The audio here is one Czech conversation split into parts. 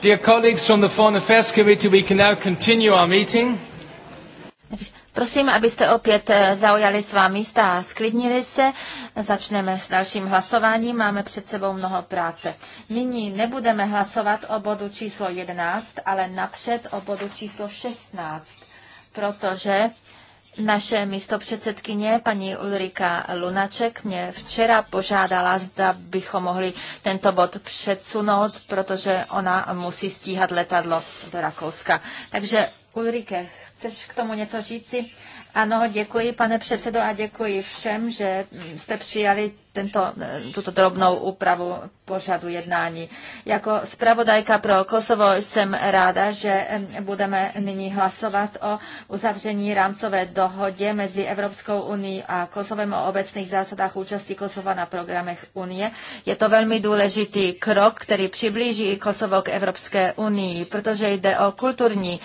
Dear colleagues from the Foreign Affairs Committee, we can now continue our meeting. Prosím, abyste opět eh, zaujali svá místa a sklidnili se. Začneme s dalším hlasováním. Máme před sebou mnoho práce. Nyní nebudeme hlasovat o bodu číslo 11, ale napřed o bodu číslo 16, protože naše místo předsedkyně paní Ulrika Lunaček mě včera požádala, zda bychom mohli tento bod předsunout, protože ona musí stíhat letadlo do Rakouska. Takže Ulrike, Chceš k tomu něco říci? Ano, děkuji, pane předsedo, a děkuji všem, že jste přijali tento, tuto drobnou úpravu pořadu jednání. Jako zpravodajka pro Kosovo jsem ráda, že budeme nyní hlasovat o uzavření rámcové dohodě mezi Evropskou unii a Kosovem o obecných zásadách účasti Kosova na programech Unie. Je to velmi důležitý krok, který přiblíží Kosovo k Evropské unii, protože jde o kulturní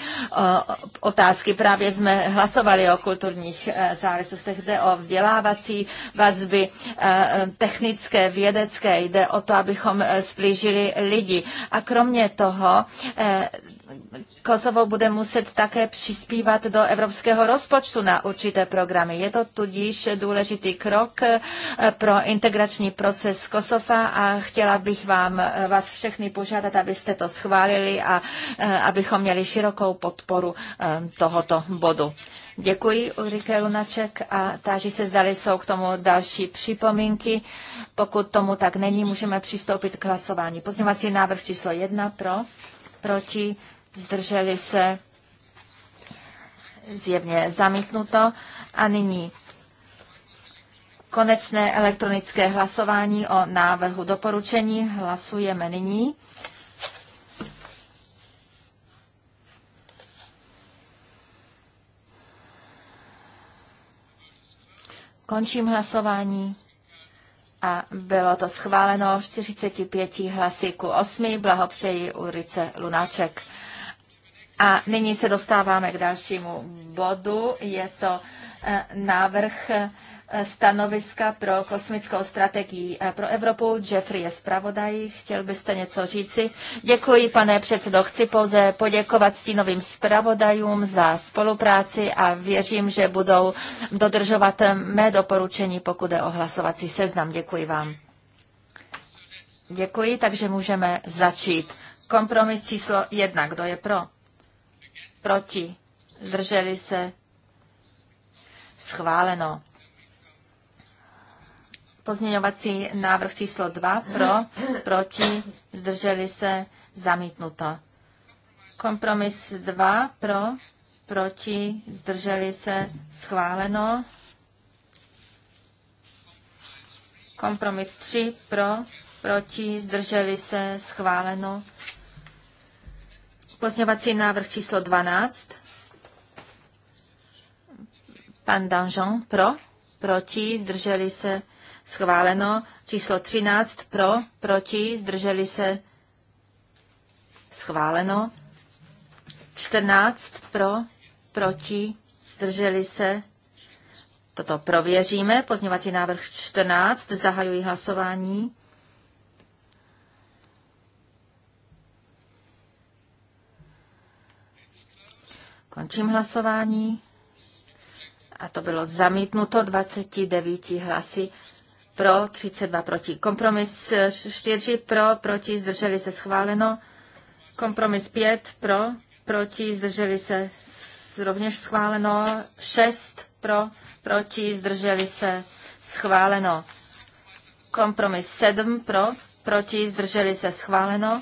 otázku otázky. Právě jsme hlasovali o kulturních eh, záležitostech. Jde o vzdělávací vazby, eh, technické, vědecké. Jde o to, abychom eh, splížili lidi. A kromě toho Kosovo bude muset také přispívat do evropského rozpočtu na určité programy. Je to tudíž důležitý krok eh, pro integrační proces Kosova a chtěla bych vám, eh, vás všechny požádat, abyste to schválili a eh, abychom měli širokou podporu tohoto bodu. Děkuji Ulrike Lunaček a táží se, zdali jsou k tomu další připomínky. Pokud tomu tak není, můžeme přistoupit k hlasování. Pozměňovací návrh číslo jedna pro, proti, zdrželi se, zjevně zamítnuto. A nyní konečné elektronické hlasování o návrhu doporučení. Hlasujeme nyní. Končím hlasování a bylo to schváleno 45 hlasy ku 8. Blahopřeji Ulrice Lunáček. A nyní se dostáváme k dalšímu bodu. Je to eh, návrh eh, stanoviska pro kosmickou strategii eh, pro Evropu. Jeffrey je zpravodaj, chtěl byste něco říci. Děkuji, pane předsedo. Chci pouze poděkovat stínovým zpravodajům za spolupráci a věřím, že budou dodržovat mé doporučení, pokud je o hlasovací seznam. Děkuji vám. Děkuji, takže můžeme začít. Kompromis číslo jedna. Kdo je pro? proti, drželi se, schváleno. Pozměňovací návrh číslo 2 pro, proti, zdrželi se, zamítnuto. Kompromis 2 pro, proti, zdrželi se, schváleno. Kompromis 3 pro, proti, zdrželi se, schváleno. Pozměňovací návrh číslo 12. Pan Danžon pro, proti, zdrželi se, schváleno. Číslo 13 pro, proti, zdrželi se, schváleno. 14 pro, proti, zdrželi se. Toto prověříme. Pozměňovací návrh 14. Zahajuji hlasování. Končím hlasování. A to bylo zamítnuto 29 hlasy pro, 32 proti. Kompromis 4 eh, pro, proti, zdrželi se schváleno. Kompromis 5 pro, proti, zdrželi se rovněž schváleno. 6 pro, proti, zdrželi se schváleno. Kompromis 7 pro, proti, zdrželi se schváleno.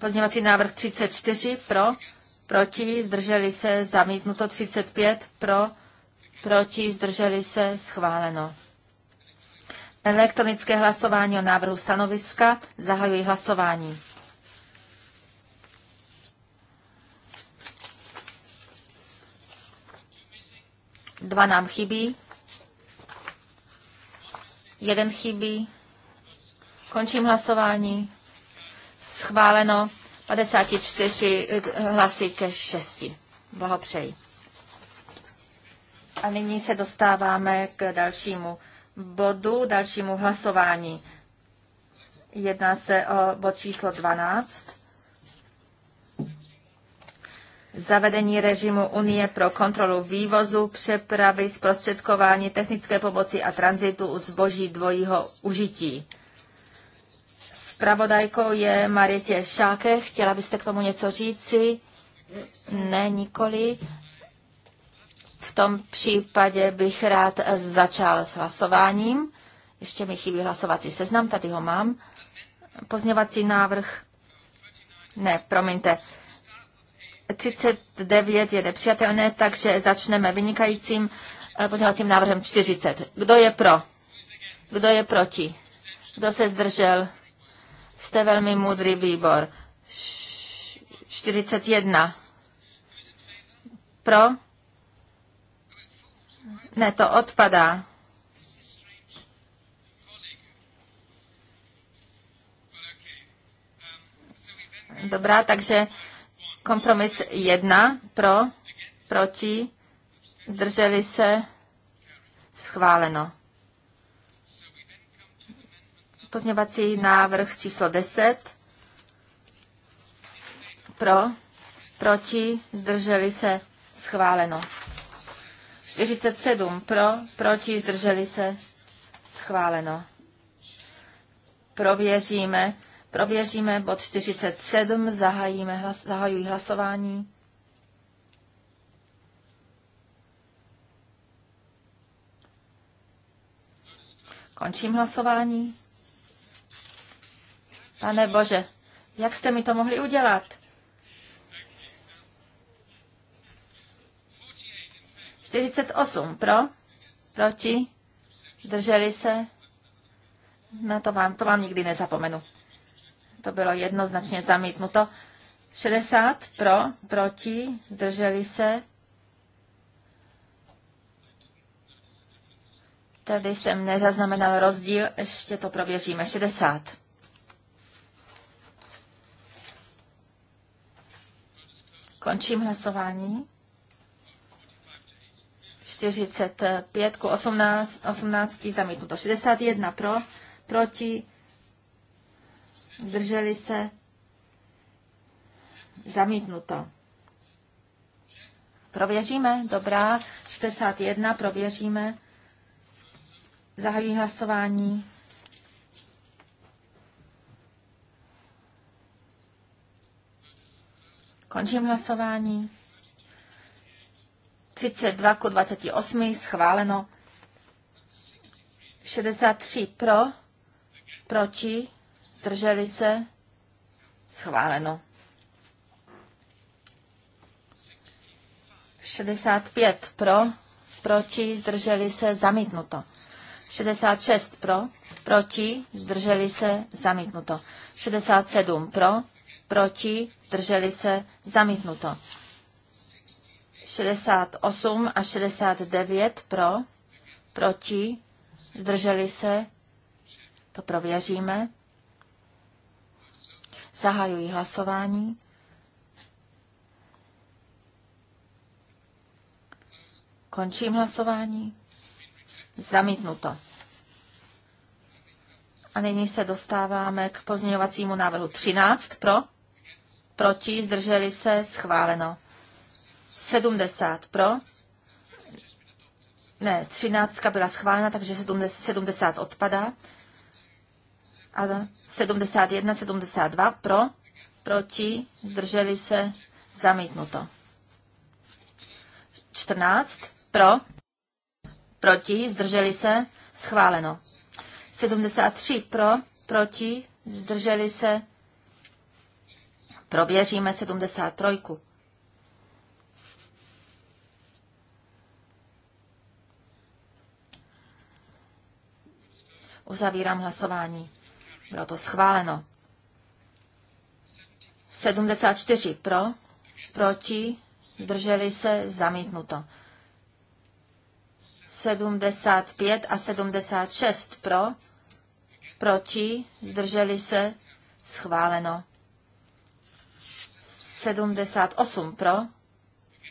Pozměňovací návrh 34 pro, proti, zdrželi se, zamítnuto 35 pro, proti, zdrželi se, schváleno. Elektronické hlasování o návrhu stanoviska. Zahajuji hlasování. Dva nám chybí. Jeden chybí. Končím hlasování. Schváleno 54 eh, hlasy ke 6. Blahopřeji. A nyní se dostáváme k dalšímu bodu, dalšímu hlasování. Jedná se o bod číslo 12. Zavedení režimu Unie pro kontrolu vývozu, přepravy, zprostředkování technické pomoci a tranzitu zboží dvojího užití. Spravodajkou je Marietě Šáke. Chtěla byste k tomu něco říci? Ne, nikoli. V tom případě bych rád začal s hlasováním. Ještě mi chybí hlasovací seznam, tady ho mám. Pozněvací návrh. Ne, promiňte. 39 je nepřijatelné, takže začneme vynikajícím eh, pozněvacím návrhem 40. Kdo je pro? Kdo je proti? Kdo se zdržel? Jste velmi moudrý výbor. 41. Pro? Ne, to odpadá. Dobrá, takže kompromis jedna pro, proti, zdrželi se, schváleno. Pozměňovací návrh číslo 10. Pro, proti, zdrželi se, schváleno. 47 pro, proti, zdrželi se, schváleno. Prověříme, prověříme bod 47, zahajíme, hlas, zahajují hlasování. Končím hlasování. Pane Bože, jak jste mi to mohli udělat? 48 pro, proti, drželi se. No to vám, to vám nikdy nezapomenu. To bylo jednoznačně zamítnuto. 60 pro, proti, zdrželi se. Tady jsem nezaznamenal rozdíl, ještě to prověříme. 60. Končím hlasování. 45 ku 18, 18 zamítnuto. 61 pro, proti, zdrželi se, zamítnuto. Prověříme, dobrá, 61, prověříme. Zahajuji hlasování. Končím hlasování. 32 ku 28 schváleno. 63 pro, proti, drželi se, schváleno. 65 pro, proti, zdrželi se, zamítnuto. 66 pro, proti, zdrželi se, zamítnuto. 67 pro, proti, drželi se, zamítnuto. 68 a 69 pro, proti, drželi se, to prověříme. Zahajuji hlasování. Končím hlasování. Zamítnuto. A nyní se dostáváme k pozměňovacímu návrhu 13 pro proti, zdrželi se, schváleno. 70 pro, ne, 13 byla schválena, takže 70 odpadá. A 71, 72 pro, proti, zdrželi se, zamítnuto. 14 pro, proti, zdrželi se, schváleno. 73 pro, proti, zdrželi se, Prověříme 73. Uzavírám hlasování. Bylo to schváleno. 74 pro, proti, drželi se, zamítnuto. 75 a 76 pro, proti, zdrželi se, schváleno. 78 pro,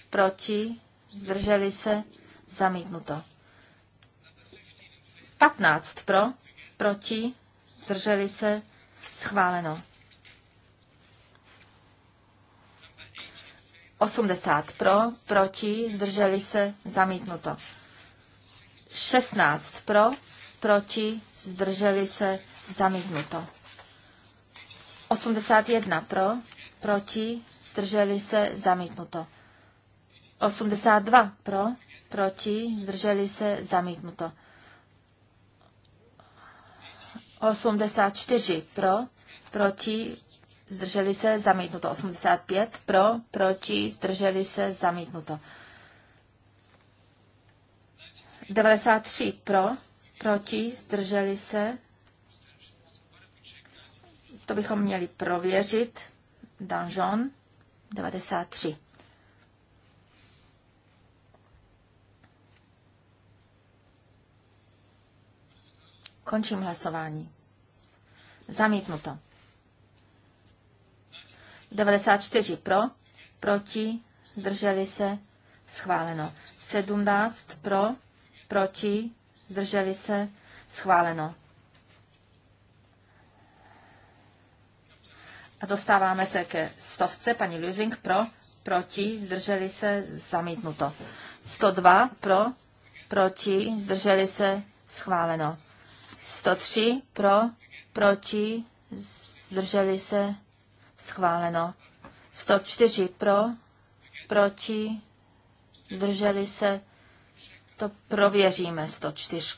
proti, zdrželi se, zamítnuto. 15 pro, proti, zdrželi se, schváleno. 80 pro, proti, zdrželi se, zamítnuto. 16 pro, proti, zdrželi se, zamítnuto. 81 pro, proti, zdrželi se, zamítnuto. 82 pro, proti, zdrželi se, zamítnuto. 84 pro, proti, zdrželi se, zamítnuto. 85 pro, proti, zdrželi se, zamítnuto. 93 pro, proti, zdrželi se. To bychom měli prověřit. Danjon. 93. Končím hlasování. Zamítnuto. 94 pro, proti, zdrželi se, schváleno. 17 pro, proti, zdrželi se, schváleno. A dostáváme se ke stovce, paní Lusing pro, proti, zdrželi se, zamítnuto. 102 pro, proti, zdrželi se, schváleno. 103 pro, proti, zdrželi se, schváleno. 104 pro, proti, zdrželi se, to prověříme 104.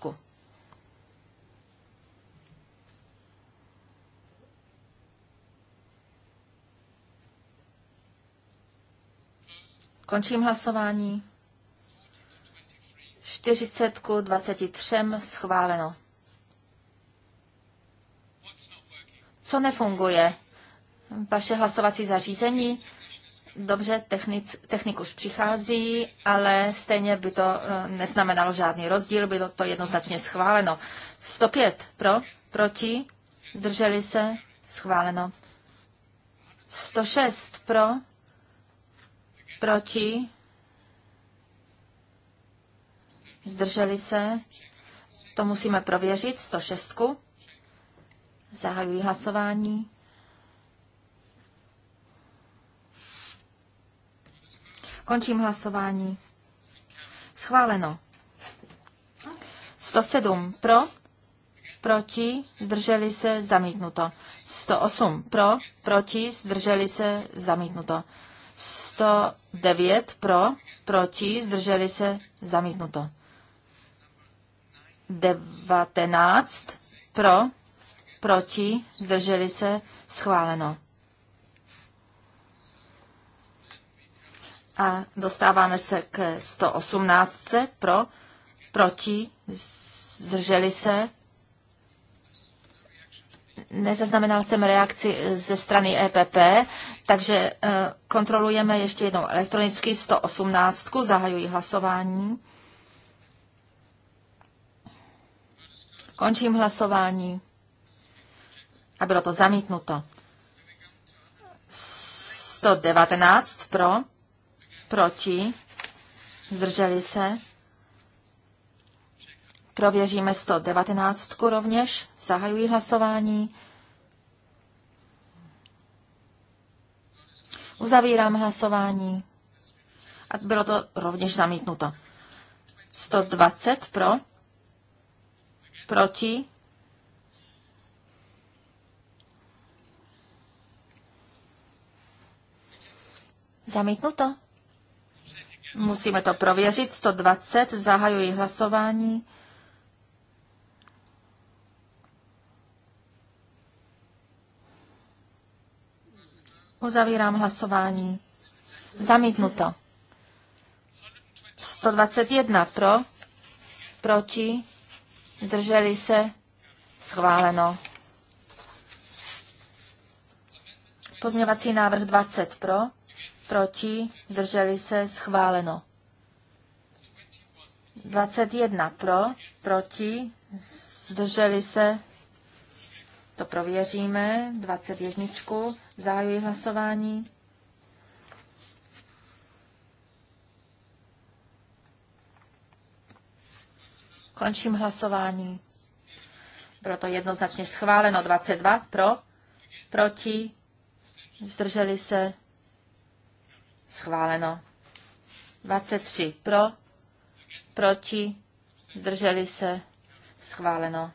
Končím hlasování. 40 ku 23 schváleno. Co nefunguje? Vaše hlasovací zařízení? Dobře, technic, technik už přichází, ale stejně by to eh, neznamenalo žádný rozdíl, by to, to jednoznačně schváleno. 105 pro, proti, zdrželi se, schváleno. 106 pro, Proti? Zdrželi se? To musíme prověřit. 106. Zahajuji hlasování. Končím hlasování. Schváleno. 107 pro, proti, zdrželi se, zamítnuto. 108 pro, proti, zdrželi se, zamítnuto. 109 pro, proti, zdrželi se, zamítnuto. 19 pro, proti, zdrželi se, schváleno. A dostáváme se k 118 pro, proti, zdrželi se, Nezaznamenal jsem reakci eh, ze strany EPP, takže eh, kontrolujeme ještě jednou elektronicky 118. Zahajuji hlasování. Končím hlasování. A bylo to zamítnuto. 119 pro, proti, zdrželi se, Prověříme 119 rovněž. Zahajuji hlasování. Uzavírám hlasování. A bylo to rovněž zamítnuto. 120 pro, proti, zamítnuto. Musíme to prověřit. 120, zahajuji hlasování. Uzavírám hlasování. Zamítnuto. 121 pro, proti, drželi se, schváleno. Pozměvací návrh 20 pro, proti, drželi se, schváleno. 21 pro, proti, zdrželi se, to prověříme, 21. Zahajuji hlasování. Končím hlasování. Bylo to jednoznačně schváleno. 22 pro, proti, zdrželi se, schváleno. 23 pro, proti, zdrželi se, schváleno.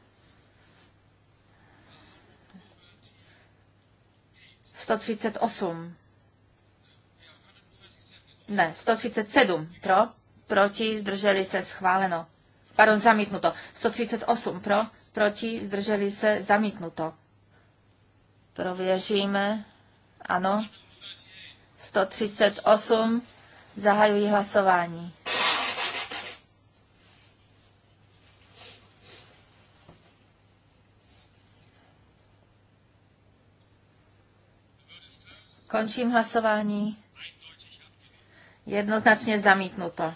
138. Ne, 137 pro, proti, zdrželi se, schváleno. Pardon, zamítnuto. 138 pro, proti, zdrželi se, zamítnuto. Prověříme. Ano. 138. Zahajuji hlasování. Končím hlasování. Jednoznačně zamítnuto.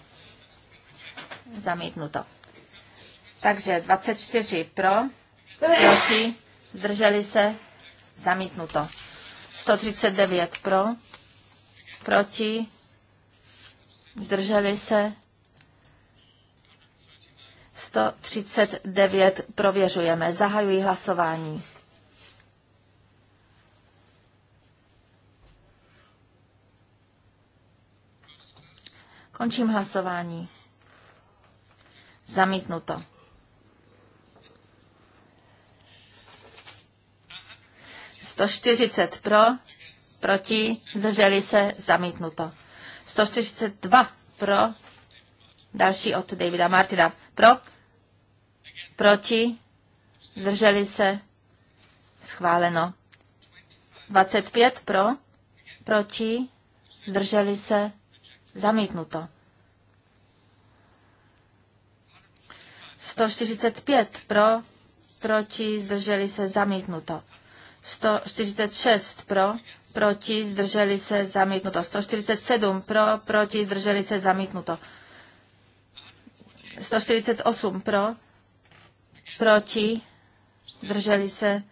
Zamítnuto. Takže 24 pro, proti, zdrželi se, zamítnuto. 139 pro, proti, zdrželi se, 139 prověřujeme. zahajují hlasování. Končím hlasování. Zamítnuto. Sto čtyřicet pro, proti, zdrželi se, zamítnuto. 142 pro, další od Davida Martina, pro, proti, zdrželi se, schváleno. 25 pro, proti, zdrželi se, Zamítnuto. 145 pro, proti, zdrželi se, zamítnuto. 146 pro, proti, zdrželi se, zamítnuto. 147 pro, proti, zdrželi se, zamítnuto. 148 pro, proti, zdrželi se,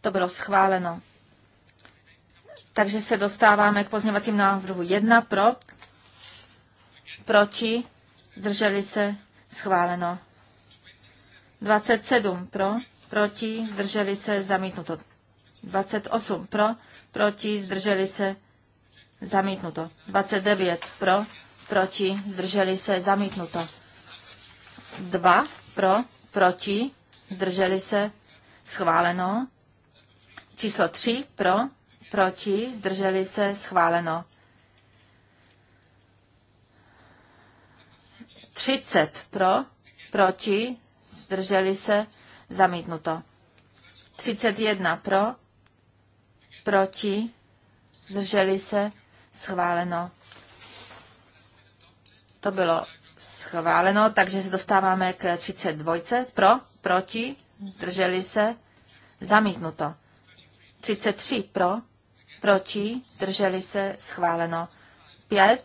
to bylo schváleno. Takže se dostáváme k pozměňovacím návrhu 1 pro, proti, zdrželi se, schváleno. 27 pro, proti, zdrželi se, zamítnuto. 28 pro, proti, zdrželi se, zamítnuto. 29 pro, proti, zdrželi se, zamítnuto. 2 pro, proti, zdrželi se, schváleno. Číslo 3 pro, proti, zdrželi se, schváleno. 30 pro, proti, zdrželi se, zamítnuto. 31 pro, proti, zdrželi se, schváleno. To bylo schváleno, takže se dostáváme k 32. Pro, proti, zdrželi se, zamítnuto. 33 pro, proti, zdrželi se, schváleno. 5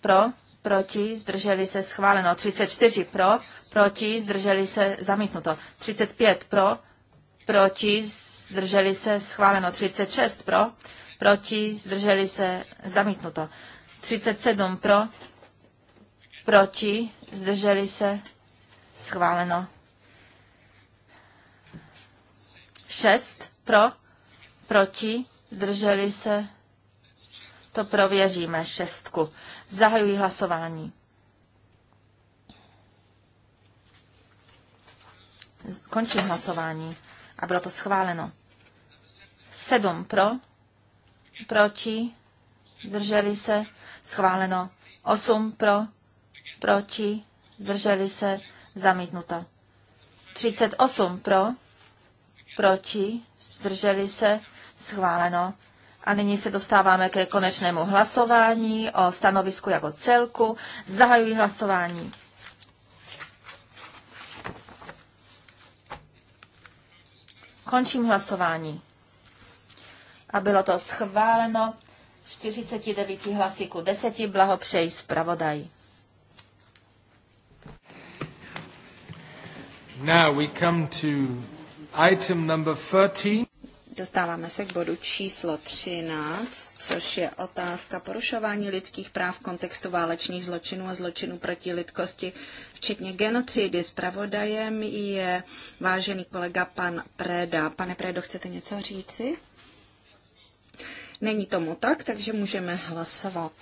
pro, proti, zdrželi se, schváleno. 34 pro, proti, zdrželi se, zamítnuto. 35 pro, proti, zdrželi se, schváleno. 36 pro, proti, zdrželi se, zamítnuto. 37 pro, proti, zdrželi se, schváleno. 6 pro, proti, Drželi se? To prověříme. Šestku. Zahajuji hlasování. Končím hlasování. A bylo to schváleno. Sedm pro, proti, zdrželi se, schváleno. Osm pro, proti, zdrželi se, zamítnuto. osm pro, proti, zdrželi se, Schváleno. A nyní se dostáváme ke konečnému hlasování o stanovisku jako celku. Zahajuji hlasování. Končím hlasování. A bylo to schváleno 49 hlasy ku 10. Blahopřeji zpravodaj. Now we come to item number 13. Dostáváme se k bodu číslo 13, což je otázka porušování lidských práv v kontextu válečných zločinů a zločinů proti lidskosti, včetně genocidy. Spravodajem je vážený kolega pan Preda. Pane Predo, chcete něco říci? Není tomu tak, takže můžeme hlasovat.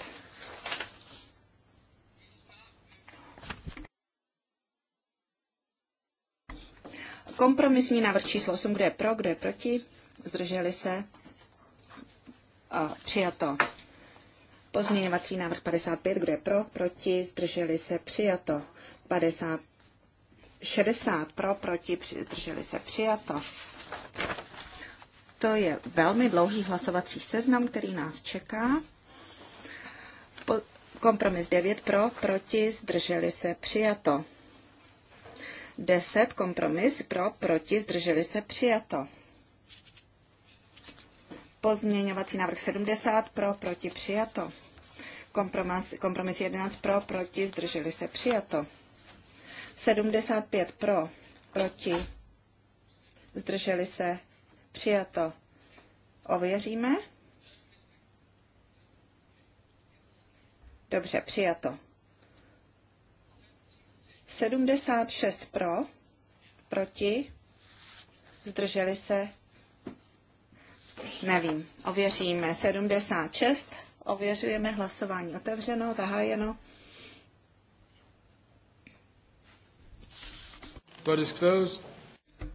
Kompromisní návrh číslo 8, kdo je pro, kdo je proti, zdrželi se, a přijato. Pozměňovací návrh 55, kdo je pro, proti, zdrželi se, přijato. 50, 60 pro, proti, zdrželi se, přijato. To je velmi dlouhý hlasovací seznam, který nás čeká. Po, kompromis 9 pro, proti, zdrželi se, přijato. 10 kompromis pro, proti, zdrželi se, přijato. Pozměňovací návrh 70 pro, proti přijato. Kompromis, kompromis 11 pro, proti zdrželi se přijato. 75 pro, proti zdrželi se přijato. Ověříme. Dobře, přijato. 76 pro, proti, zdrželi se, Nevím, ověříme. 76, ověřujeme hlasování otevřeno, zahájeno.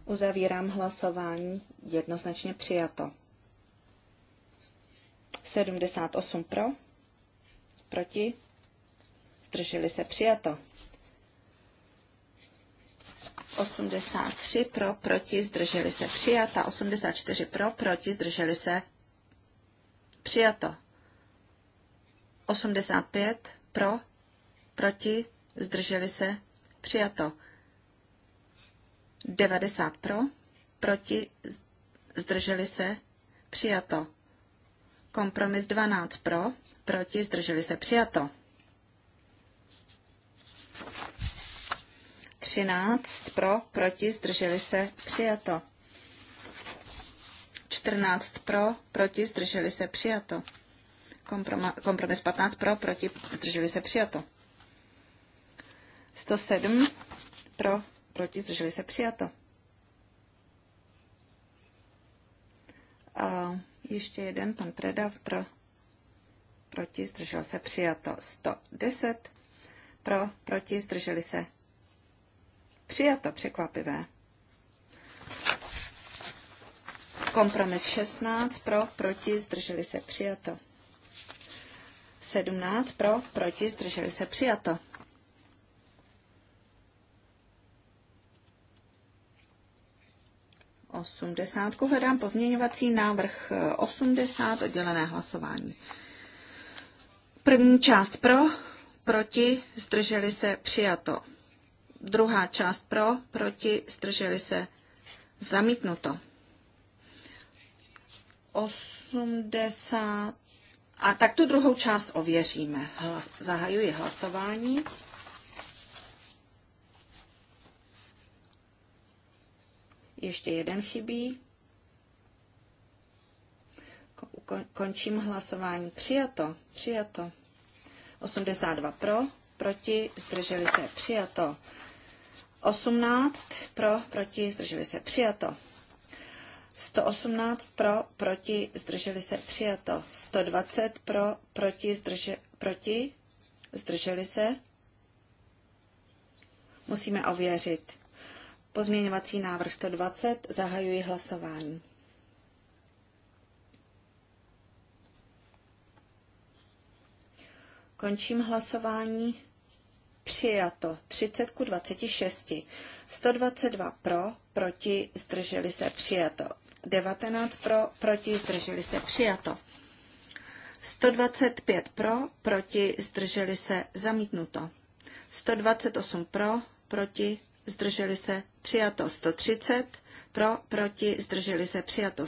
Uzavírám hlasování, jednoznačně přijato. 78 pro, proti, zdrželi se přijato. 83 pro, proti, zdrželi se přijata. 84 pro, proti, zdrželi se přijato. 85 pro, proti, zdrželi se přijato. 90 pro, proti, zdrželi se přijato. Kompromis 12 pro, proti, zdrželi se přijato. 13 pro, proti, zdrželi se, přijato. 14 pro, proti, zdrželi se, přijato. Kompromis 15 pro, proti, zdrželi se, přijato. 107 pro, proti, zdrželi se, přijato. A ještě jeden, pan Preda, pro, proti, zdržel se, přijato. 110 pro, proti, zdrželi se, Přijato překvapivé. Kompromis 16 pro, proti, zdrželi se přijato. 17 pro, proti, zdrželi se přijato. Osmdesátku hledám pozměňovací návrh 80 oddělené hlasování. První část pro, proti, zdrželi se přijato. Druhá část pro, proti, strželi se, zamítnuto. 80. A tak tu druhou část ověříme. Hlas, zahajuji hlasování. Ještě jeden chybí. Končím hlasování. Přijato, přijato. 82 pro, proti, zdrželi se, přijato. 18 pro, proti, zdrželi se, přijato. 118 pro, proti, zdrželi se, přijato. 120 pro, proti, zdrže, proti, zdrželi se. Musíme ověřit. Pozměňovací návrh 120, zahajuji hlasování. Končím hlasování. Přijato 30 ku 26. 122 pro, proti, zdrželi se, přijato. 19 pro, proti, zdrželi se, přijato. 125 pro, proti, zdrželi se, zamítnuto. 128 pro, proti, zdrželi se, přijato. 130 pro, proti, zdrželi se, přijato.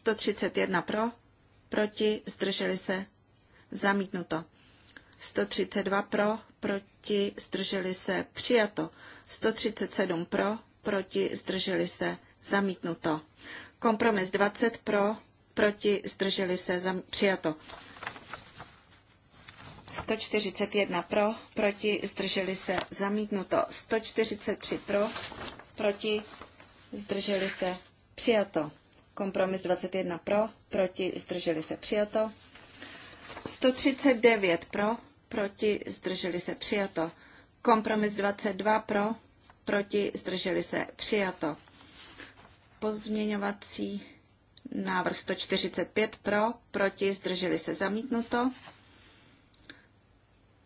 131 pro, proti, zdrželi se, zamítnuto. 132 pro, proti, zdrželi se, přijato. 137 pro, proti, zdrželi se, zamítnuto. Kompromis 20 pro, proti, zdrželi se, zam, přijato. 141 pro, proti, zdrželi se, zamítnuto. 143 pro, proti, zdrželi se, přijato. Kompromis 21 pro, proti, zdrželi se, přijato. 139 pro, proti, zdrželi se přijato. Kompromis 22 pro, proti, zdrželi se přijato. Pozměňovací návrh 145 pro, proti, zdrželi se zamítnuto.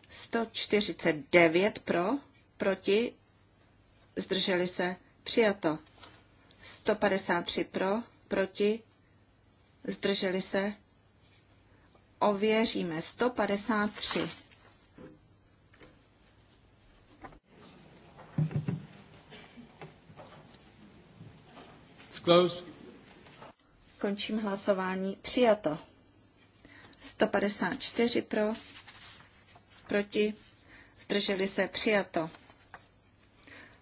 149 pro, proti, zdrželi se přijato. 153 pro, proti, zdrželi se. Ověříme 153. Končím hlasování. Přijato. 154 pro, proti, zdrželi se, přijato.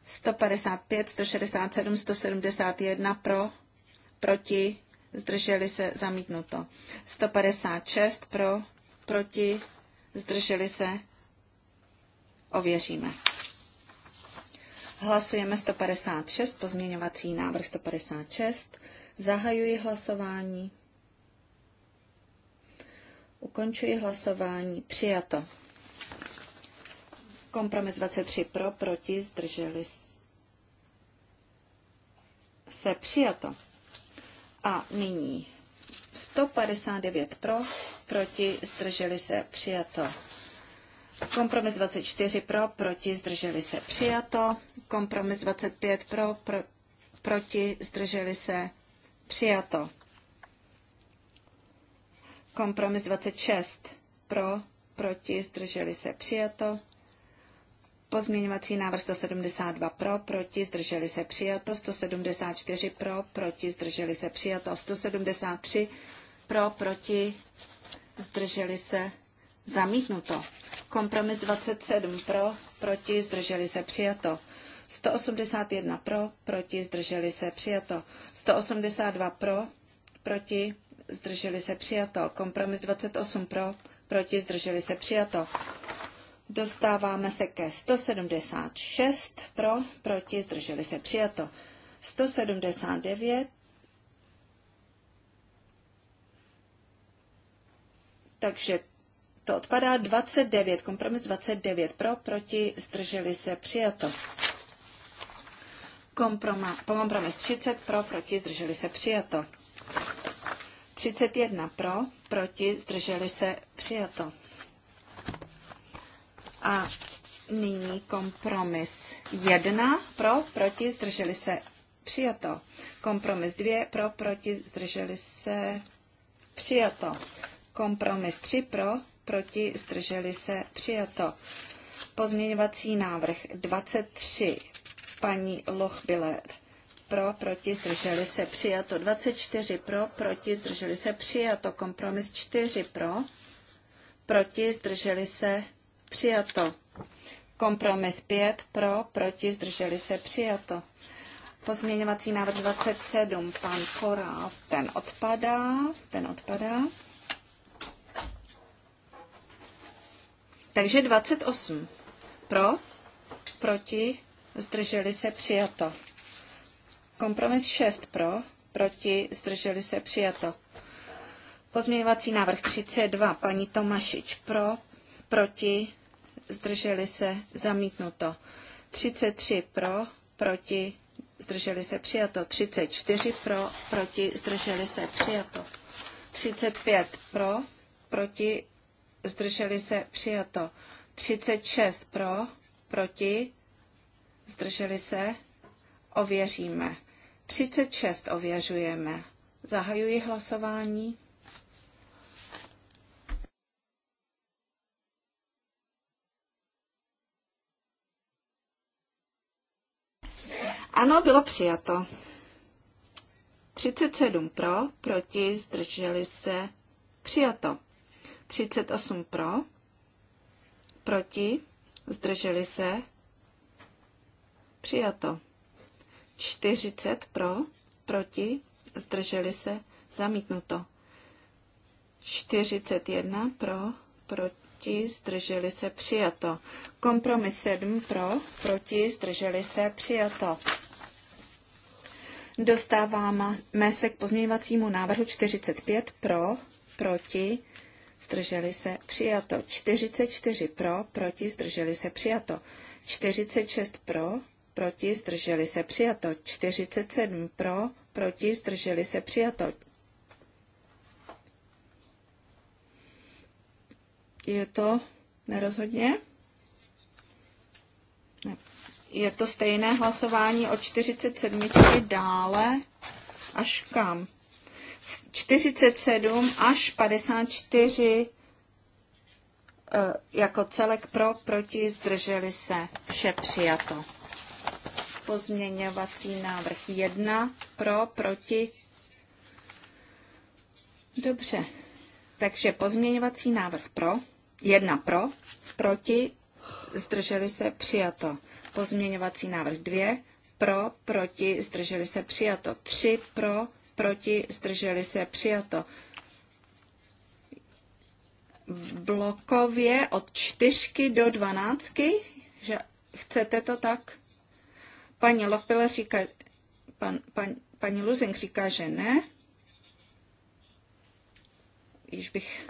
155, 167, 171 pro, proti, zdrželi se, zamítnuto. 156 pro, proti, zdrželi se, ověříme. Hlasujeme 156, pozměňovací návrh 156. Zahajuji hlasování. Ukončuji hlasování. Přijato. Kompromis 23 pro, proti, zdrželi se přijato. A nyní 159 pro, proti, zdrželi se přijato. Kompromis 24 pro, proti, zdrželi se přijato. Kompromis 25 pro, pro proti, zdrželi se přijato. Kompromis 26 pro, proti, zdrželi se přijato. Pozměňovací návrh 172 pro, proti, zdrželi se přijato, 174 pro, proti, zdrželi se přijato, 173 pro, proti, zdrželi se Zamítnuto. Kompromis 27 pro, proti, zdrželi se přijato. 181 pro, proti, zdrželi se přijato. 182 pro, proti, zdrželi se přijato. Kompromis 28 pro, proti, zdrželi se přijato. Dostáváme se ke 176 pro, proti, zdrželi se přijato. 179 takže to odpadá 29, kompromis 29 pro, proti, zdrželi se, přijato. Kompromis, kompromis 30 pro, proti, zdrželi se, přijato. 31 pro, proti, zdrželi se, přijato. A nyní kompromis 1 pro, proti, zdrželi se, přijato. Kompromis 2 pro, proti, zdrželi se, přijato. Kompromis 3 pro, proti, zdrželi se, přijato. Pozměňovací návrh 23, paní Lochbiller, pro, proti, zdrželi se, přijato. 24 pro, proti, zdrželi se, přijato. Kompromis 4 pro, proti, zdrželi se, přijato. Kompromis 5 pro, proti, zdrželi se, přijato. Pozměňovací návrh 27, pan Korál, ten odpadá, ten odpadá. Takže 28. Pro, proti, zdrželi se přijato. Kompromis 6 pro, proti, zdrželi se přijato. Pozměňovací návrh 32, paní Tomašič pro, proti, zdrželi se zamítnuto. 33 pro, proti, zdrželi se přijato. 34 pro, proti, zdrželi se přijato. 35 pro, proti, zdrželi se, přijato. 36 pro, proti, zdrželi se, ověříme. 36 ověřujeme. Zahajuji hlasování. Ano, bylo přijato. 37 pro, proti, zdrželi se, přijato. 38 pro, proti, zdrželi se, přijato. 40 pro, proti, zdrželi se, zamítnuto. 41 pro, proti, zdrželi se, přijato. Kompromis 7 pro, proti, zdrželi se, přijato. Dostáváme se k pozměňovacímu návrhu 45 pro, proti, zdrželi se, přijato. 44 pro, proti, zdrželi se, přijato. 46 pro, proti, zdrželi se, přijato. 47 pro, proti, zdrželi se, přijato. Je to nerozhodně? Je to stejné hlasování od 47 dále až kam? 47 až 54 eh, jako celek pro, proti, zdrželi se, vše přijato. Pozměňovací návrh 1 pro, proti. Dobře, takže pozměňovací návrh pro, 1 pro, proti, zdrželi se, přijato. Pozměňovací návrh 2 pro, proti, zdrželi se, přijato. 3 pro, proti, zdrželi se, přijato. Blokově od čtyřky do dvanáctky, že chcete to tak? Paní Lopila říká, pan, pan, paní Luzing říká, že ne. Již bych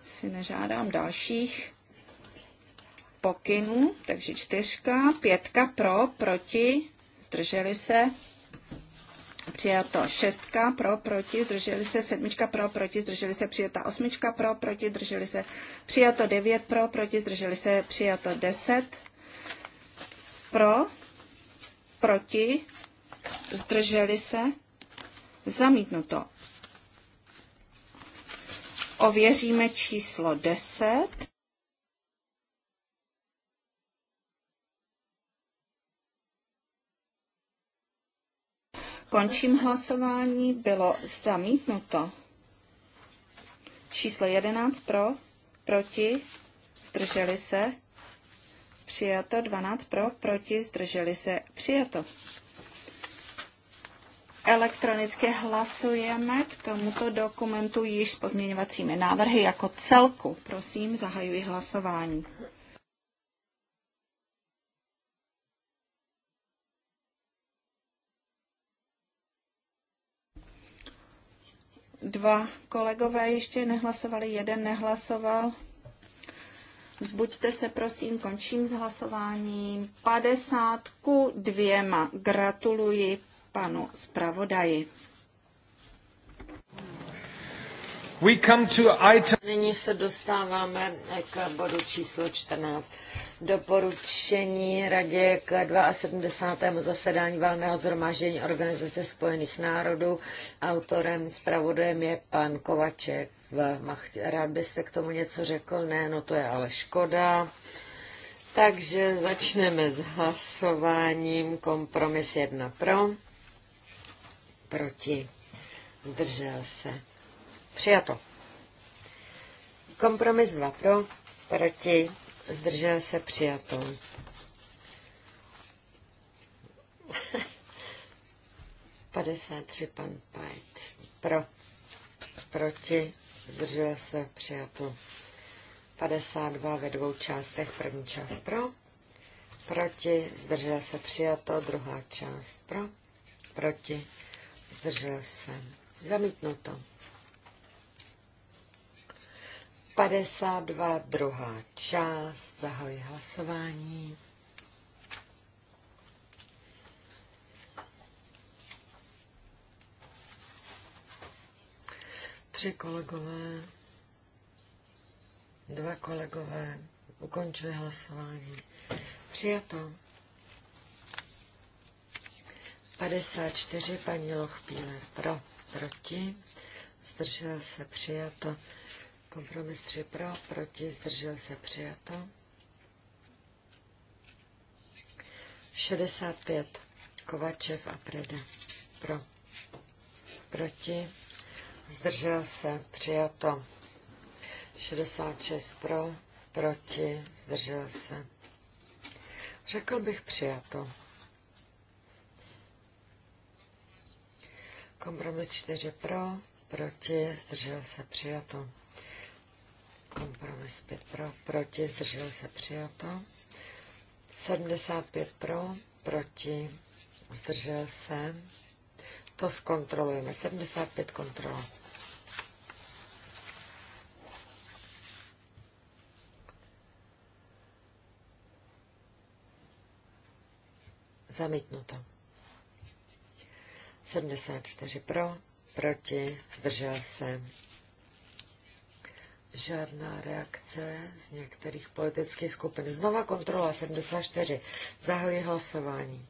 si nežádám dalších pokynů, takže čtyřka, pětka pro, proti, zdrželi se, přijato šestka pro, proti, zdrželi se sedmička pro, proti, zdrželi se přijata osmička pro, proti, zdrželi se přijato devět pro, proti, zdrželi se přijato deset pro, proti, zdrželi se zamítnuto. Ověříme číslo 10. Končím hlasování. Bylo zamítnuto. Číslo 11 pro, proti, zdrželi se. Přijato 12 pro, proti, zdrželi se. Přijato. Elektronicky hlasujeme k tomuto dokumentu již s pozměňovacími návrhy jako celku. Prosím, zahajuji hlasování. Dva kolegové ještě nehlasovali, jeden nehlasoval. Zbuďte se, prosím, končím s hlasováním. 50 ku dvěma. Gratuluji panu zpravodaji. We come to item... Nyní se dostáváme k bodu číslo 14. Doporučení radě k 72. zasedání valného zhromáždění Organizace spojených národů. Autorem, zpravodajem je pan Kovaček. Rád byste k tomu něco řekl? Ne, no to je ale škoda. Takže začneme s hlasováním. Kompromis 1 pro, proti, zdržel se Přijato. Kompromis 2 pro, proti, zdržel se přijato. Padesát tři pan Pajt. Pro, proti, zdržel se přijato. 52 ve dvou částech, první část pro, proti, zdržel se přijato, druhá část pro, proti, zdržel se zamítnuto. 52, druhá část, zahoj hlasování. Tři kolegové, dva kolegové, ukončili hlasování. Přijato. 54, paní Lochpíler pro, proti, zdržela se přijato. Kompromis 3 pro, proti, zdržel se přijato. 65. Kovačev a Preda. Pro. Proti. Zdržel se. Přijato. 66 pro. Proti. Zdržel se. Řekl bych přijato. Kompromis 4 pro. Proti. Zdržel se. Přijato. Kompromis 5 pro, proti, zdržel se přijato. 75 pro, proti, zdržel se. To zkontrolujeme. 75 kontrol. Zamítnuto. 74 pro, proti, zdržel se žádná reakce z některých politických skupin. Znova kontrola 74. Zahojí hlasování.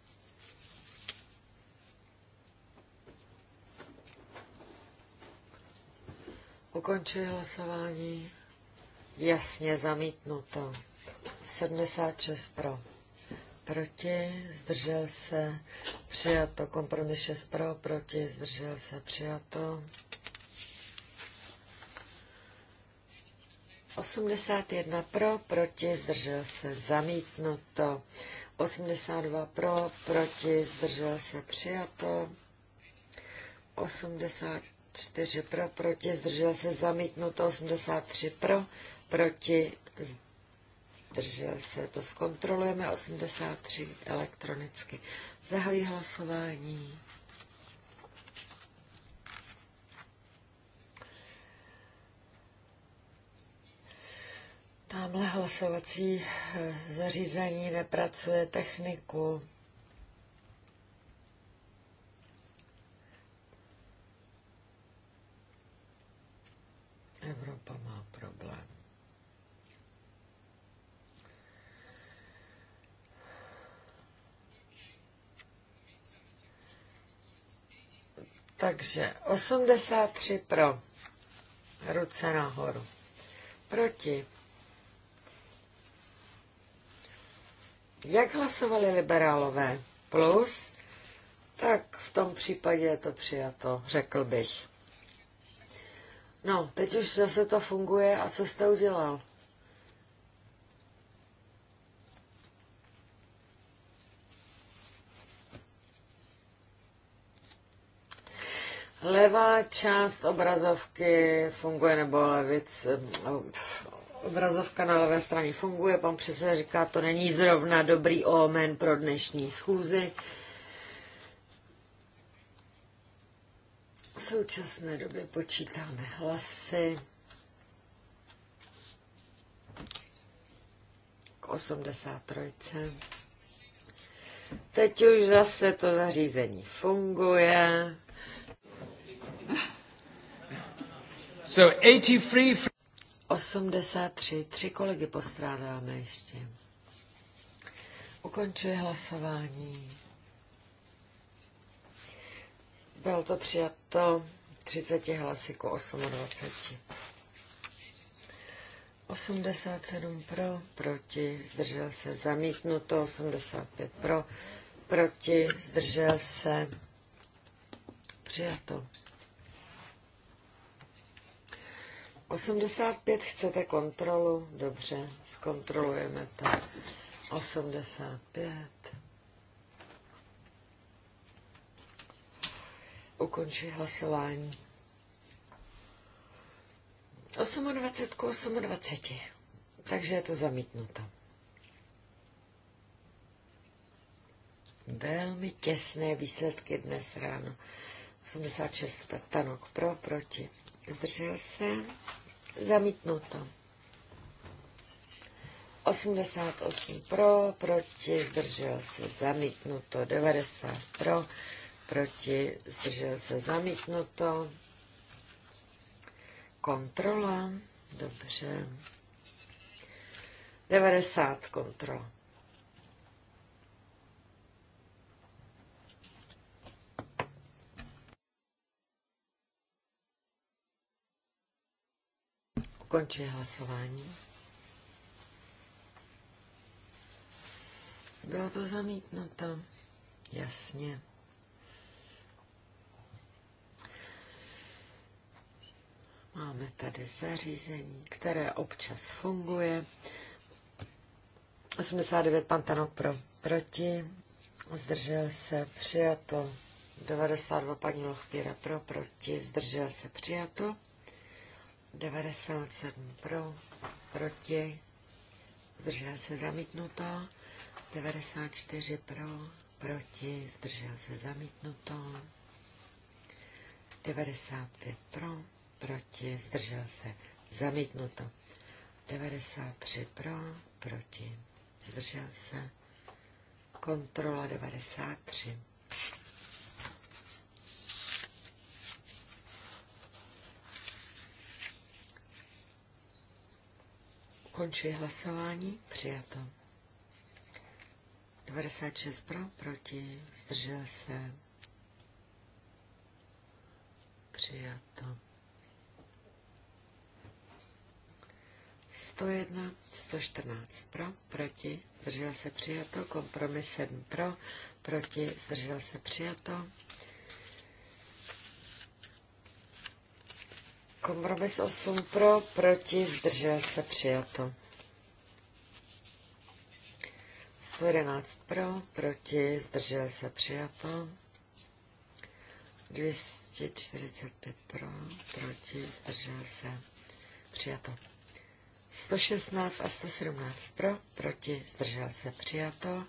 Ukončuji hlasování. Jasně zamítnuto. 76 pro. Proti, zdržel se, přijato. Kompromis 6 pro, proti, zdržel se, přijato. 81 pro, proti, zdržel se zamítnuto. 82 pro, proti, zdržel se přijato. 84 pro, proti, zdržel se zamítnuto. 83 pro, proti, zdržel se. To zkontrolujeme 83 elektronicky. Zahojí hlasování. Tamhle hlasovací eh, zařízení nepracuje techniku. Evropa má problém. Takže 83 pro. Ruce nahoru. Proti. Jak hlasovali liberálové? Plus? Tak v tom případě je to přijato, řekl bych. No, teď už zase to funguje a co jste udělal? Levá část obrazovky funguje, nebo levic, eh, obrazovka na levé straně funguje. Pan předseda říká, to není zrovna dobrý omen pro dnešní schůzi. V současné době počítáme hlasy k 83. Teď už zase to zařízení funguje. So 83 83. Tři kolegy postrádáme ještě. Ukončuje hlasování. Bylo to přijato 30 hlasy ku 28. 87 pro, proti, zdržel se, zamítnuto, 85 pro, proti, zdržel se, přijato. 85 chcete kontrolu? Dobře, zkontrolujeme to. 85. Ukončí hlasování. 28 k 28. Takže je to zamítnuto. Velmi těsné výsledky dnes ráno. 86 tanok pro, proti zdržel se, zamítnuto. 88 pro, proti, zdržel se, zamítnuto. 90 pro, proti, zdržel se, zamítnuto. Kontrola, dobře. 90 kontrola. Končí hlasování. Bylo to zamítnuto. Jasně. Máme tady zařízení, které občas funguje. 89 pantanok pro proti. Zdržel se přijato. 92 paní Lochpíra pro proti. Zdržel se přijato. 97 pro, proti, zdržel se zamítnuto, 94 pro, proti, zdržel se zamítnuto, 95 pro, proti, zdržel se zamítnuto, 93 pro, proti, zdržel se, kontrola 93. Končuji hlasování. Přijato. 96 pro, proti, zdržel se. Přijato. 101, 114 pro, proti, zdržel se přijato, kompromis 7 pro, proti, zdržel se přijato. Kompromis 8 pro, proti, zdržel se, přijato. 111 pro, proti, zdržel se, přijato. 245 pro, proti, zdržel se, přijato. 116 a 117 pro, proti, zdržel se, přijato.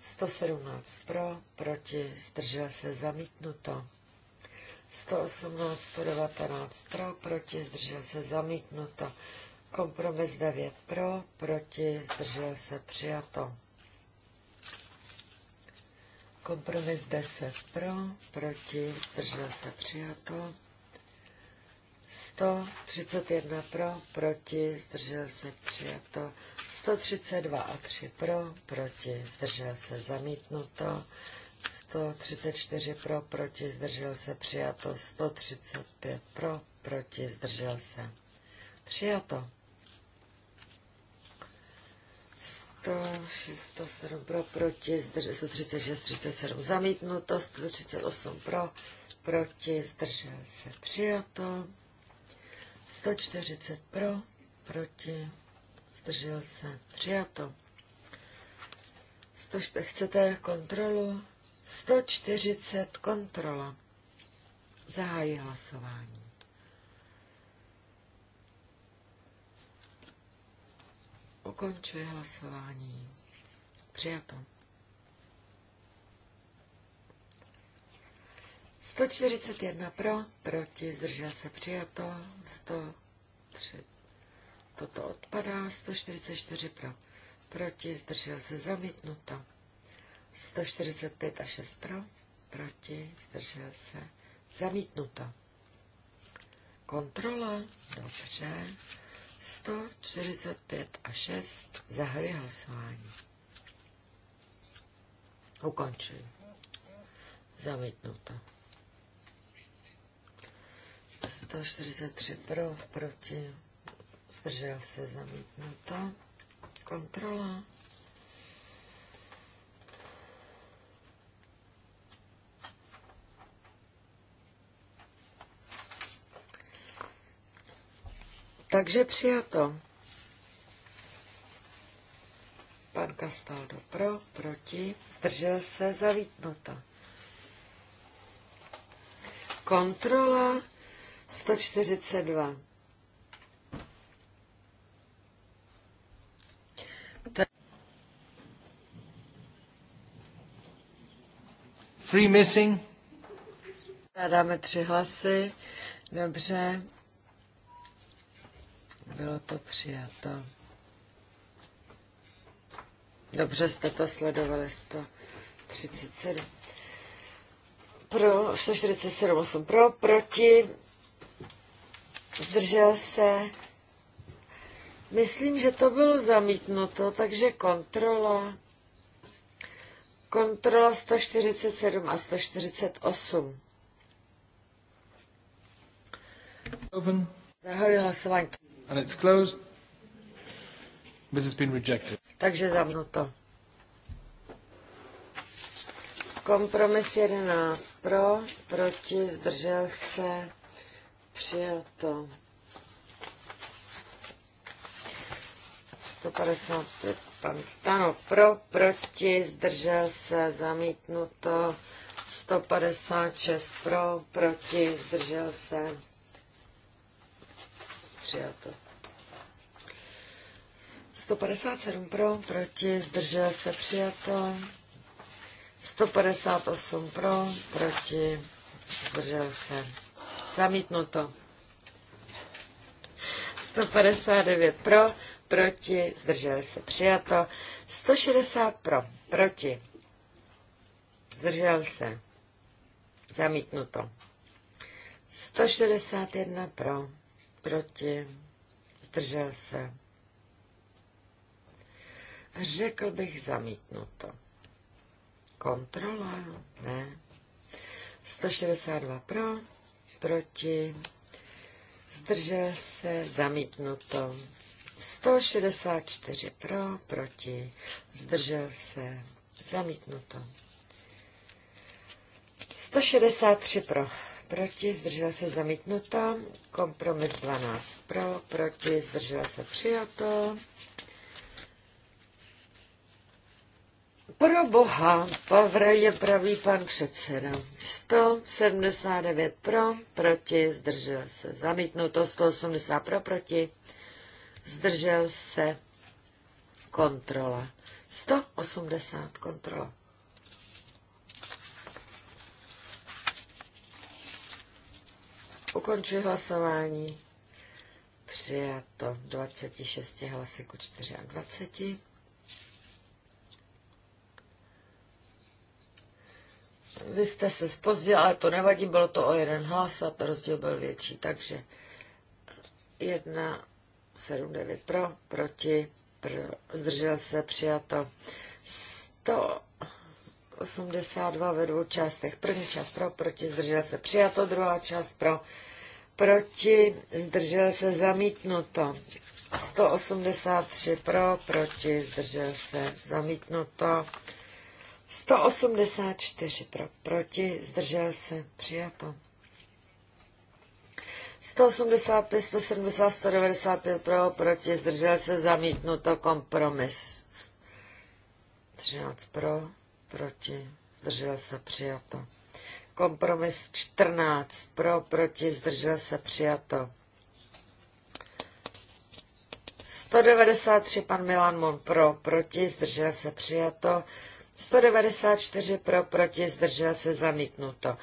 117 pro, proti, zdržel se, zamítnuto. 118, 119 pro, proti, zdržel se zamítnuto. Kompromis 9 pro, proti, zdržel se přijato. Kompromis 10 pro, proti, zdržel se přijato. 131 pro, proti, zdržel se přijato. 132 a 3 pro, proti, zdržel se zamítnuto. 134 pro, proti, zdržel se, přijato. 135 pro, proti, zdržel se, přijato. 106, 107 pro, proti, zdržel, 136, 37 zamítnuto, 138 pro, proti, zdržel se, přijato. 140 pro, proti, zdržel se, přijato. 100, chcete kontrolu? 140 kontrola. Zahájí hlasování. Ukončuje hlasování. Přijato. 141 pro, proti, zdržel se přijato, 103, toto odpadá, 144 pro, proti, zdržel se zamítnuto. 145 a 6 pro, proti, zdržel se, zamítnuto. Kontrola, dobře, 145 a 6, zahajuje hlasování. Ukončuji. Zamítnuto. 143 pro, proti, zdržel se, zamítnuto. Kontrola. Takže přijato. Pan Castaldo pro, proti, zdržel se, zavítnuto. Kontrola 142. Free missing. Dáme tři hlasy. Dobře, bylo to přijato. Dobře jste to sledovali, 137. Pro, 147, 8 pro, proti, zdržel se. Myslím, že to bylo zamítnuto, takže kontrola. Kontrola 147 a 148. Open. Zahajuji hlasování. And it's closed. been rejected. Takže zamknuto. Kompromis 11 pro, proti, zdržel se, přijato. 155 Pantano pro, proti, zdržel se, zamítnuto. 156 pro, proti, zdržel se, přijato. 157 pro, proti, zdržel se přijato. 158 pro, proti, zdržel se. Zamítnuto. 159 pro, proti, zdržel se přijato. 160 pro, proti, zdržel se. Zamítnuto. 161 pro, proti, zdržel se. Řekl bych zamítnuto. Kontrola, ne. 162 pro, proti, zdržel se, zamítnuto. 164 pro, proti, zdržel se, zamítnuto. 163 pro, proti, zdržela se zamítnuto, kompromis 12 pro, proti, zdržela se přijato. Pro boha, Pavrej je pravý pan předseda. 179 pro, proti, zdržel se. Zamítnuto 180 pro, proti, zdržel se. Kontrola. 180 kontrola. Ukončuji hlasování. Přijato 26 hlasy ku 24. Vy jste se spozdil, ale to nevadí, bylo to o jeden hlas a rozdíl byl větší, takže 1, 7, 9 pro, proti, pro, zdržel se, přijato 182 ve dvou částech. První část pro, proti, zdržel se, přijato, druhá část pro, proti, zdržel se zamítnuto. 183 pro, proti, zdržel se zamítnuto. 184 pro, proti, zdržel se přijato. 185, 170, 195 pro, proti, zdržel se zamítnuto kompromis. 13 pro, proti, zdržel se přijato. Kompromis 14 pro, proti, zdržel se, přijato. 193 pan Milan Mon pro, proti, zdržel se, přijato. 194 pro, proti, zdržel se, zamítnuto.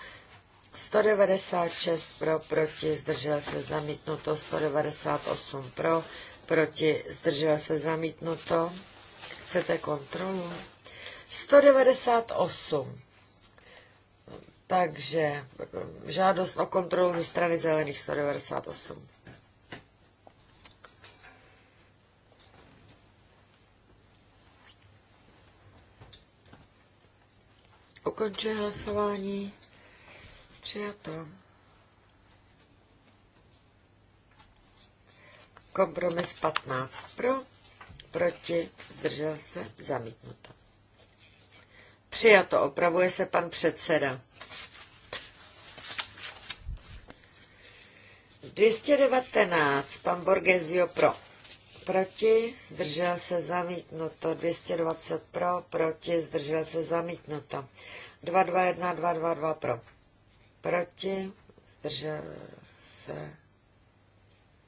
196 pro, proti, zdržel se, zamítnuto. 198 pro, proti, zdržel se, zamítnuto. Chcete kontrolu? 198. Takže eh, žádost o kontrolu ze strany zelených 198. Ukončuje hlasování. Přijato. Kompromis 15 pro, proti, zdržel se, zamítnuto. Přijato, opravuje se pan předseda. 219, pan Borgesio pro. Proti, zdržel se zamítnuto. 220 pro, proti, zdržel se zamítnuto. 221, 222 pro. Proti, zdržel se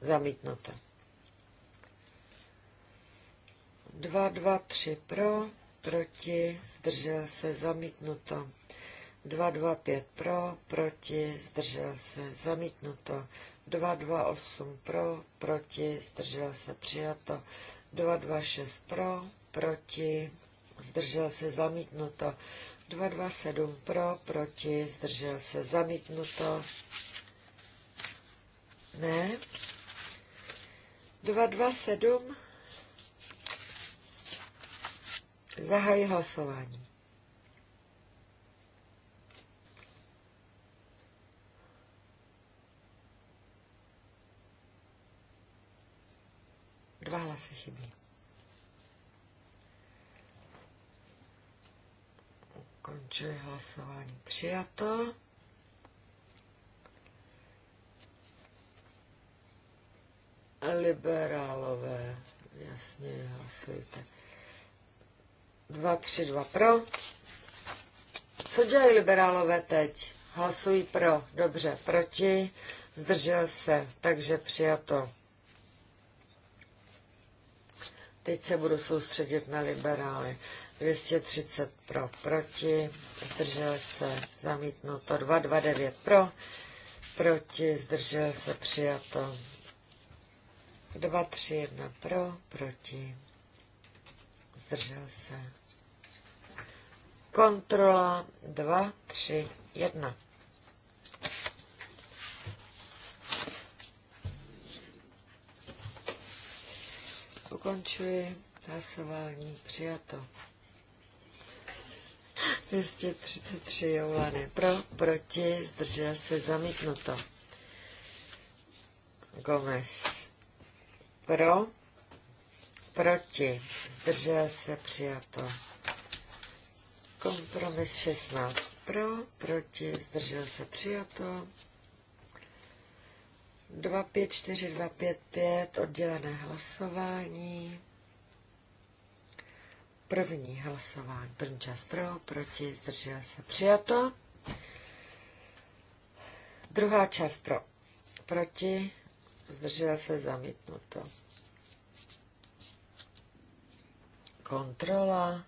zamítnuto. 223 pro, proti, zdržel se zamítnuto. 225 pro, proti, zdržel se zamítnuto. 228 pro, proti, zdržel se přijato, 226 pro, proti, zdržel se zamítnuto, 227 pro, proti, zdržel se zamítnuto, ne, 227, zahají hlasování. Dva hlasy chybí. Končili hlasování. Přijato. Liberálové. Jasně, hlasujte. 2, 3, 2 pro. Co dělají liberálové teď? Hlasují pro. Dobře, proti. Zdržel se, takže přijato. Teď se budu soustředit na liberály. 230 pro, proti, zdržel se, zamítnuto, 229 pro, proti, zdržel se, přijato, 231 pro, proti, zdržel se. Kontrola 231. Ukončuji hlasování. Přijato. 233 joulany pro, proti, zdržel se zamítnuto. Gomez pro, proti, zdržel se přijato. Kompromis 16 pro, proti, zdržel se přijato. 254255 oddělené hlasování. První hlasování, první čas pro, proti, zdržel se, přijato. Druhá část pro, proti, zdržel se, zamítnuto. Kontrola.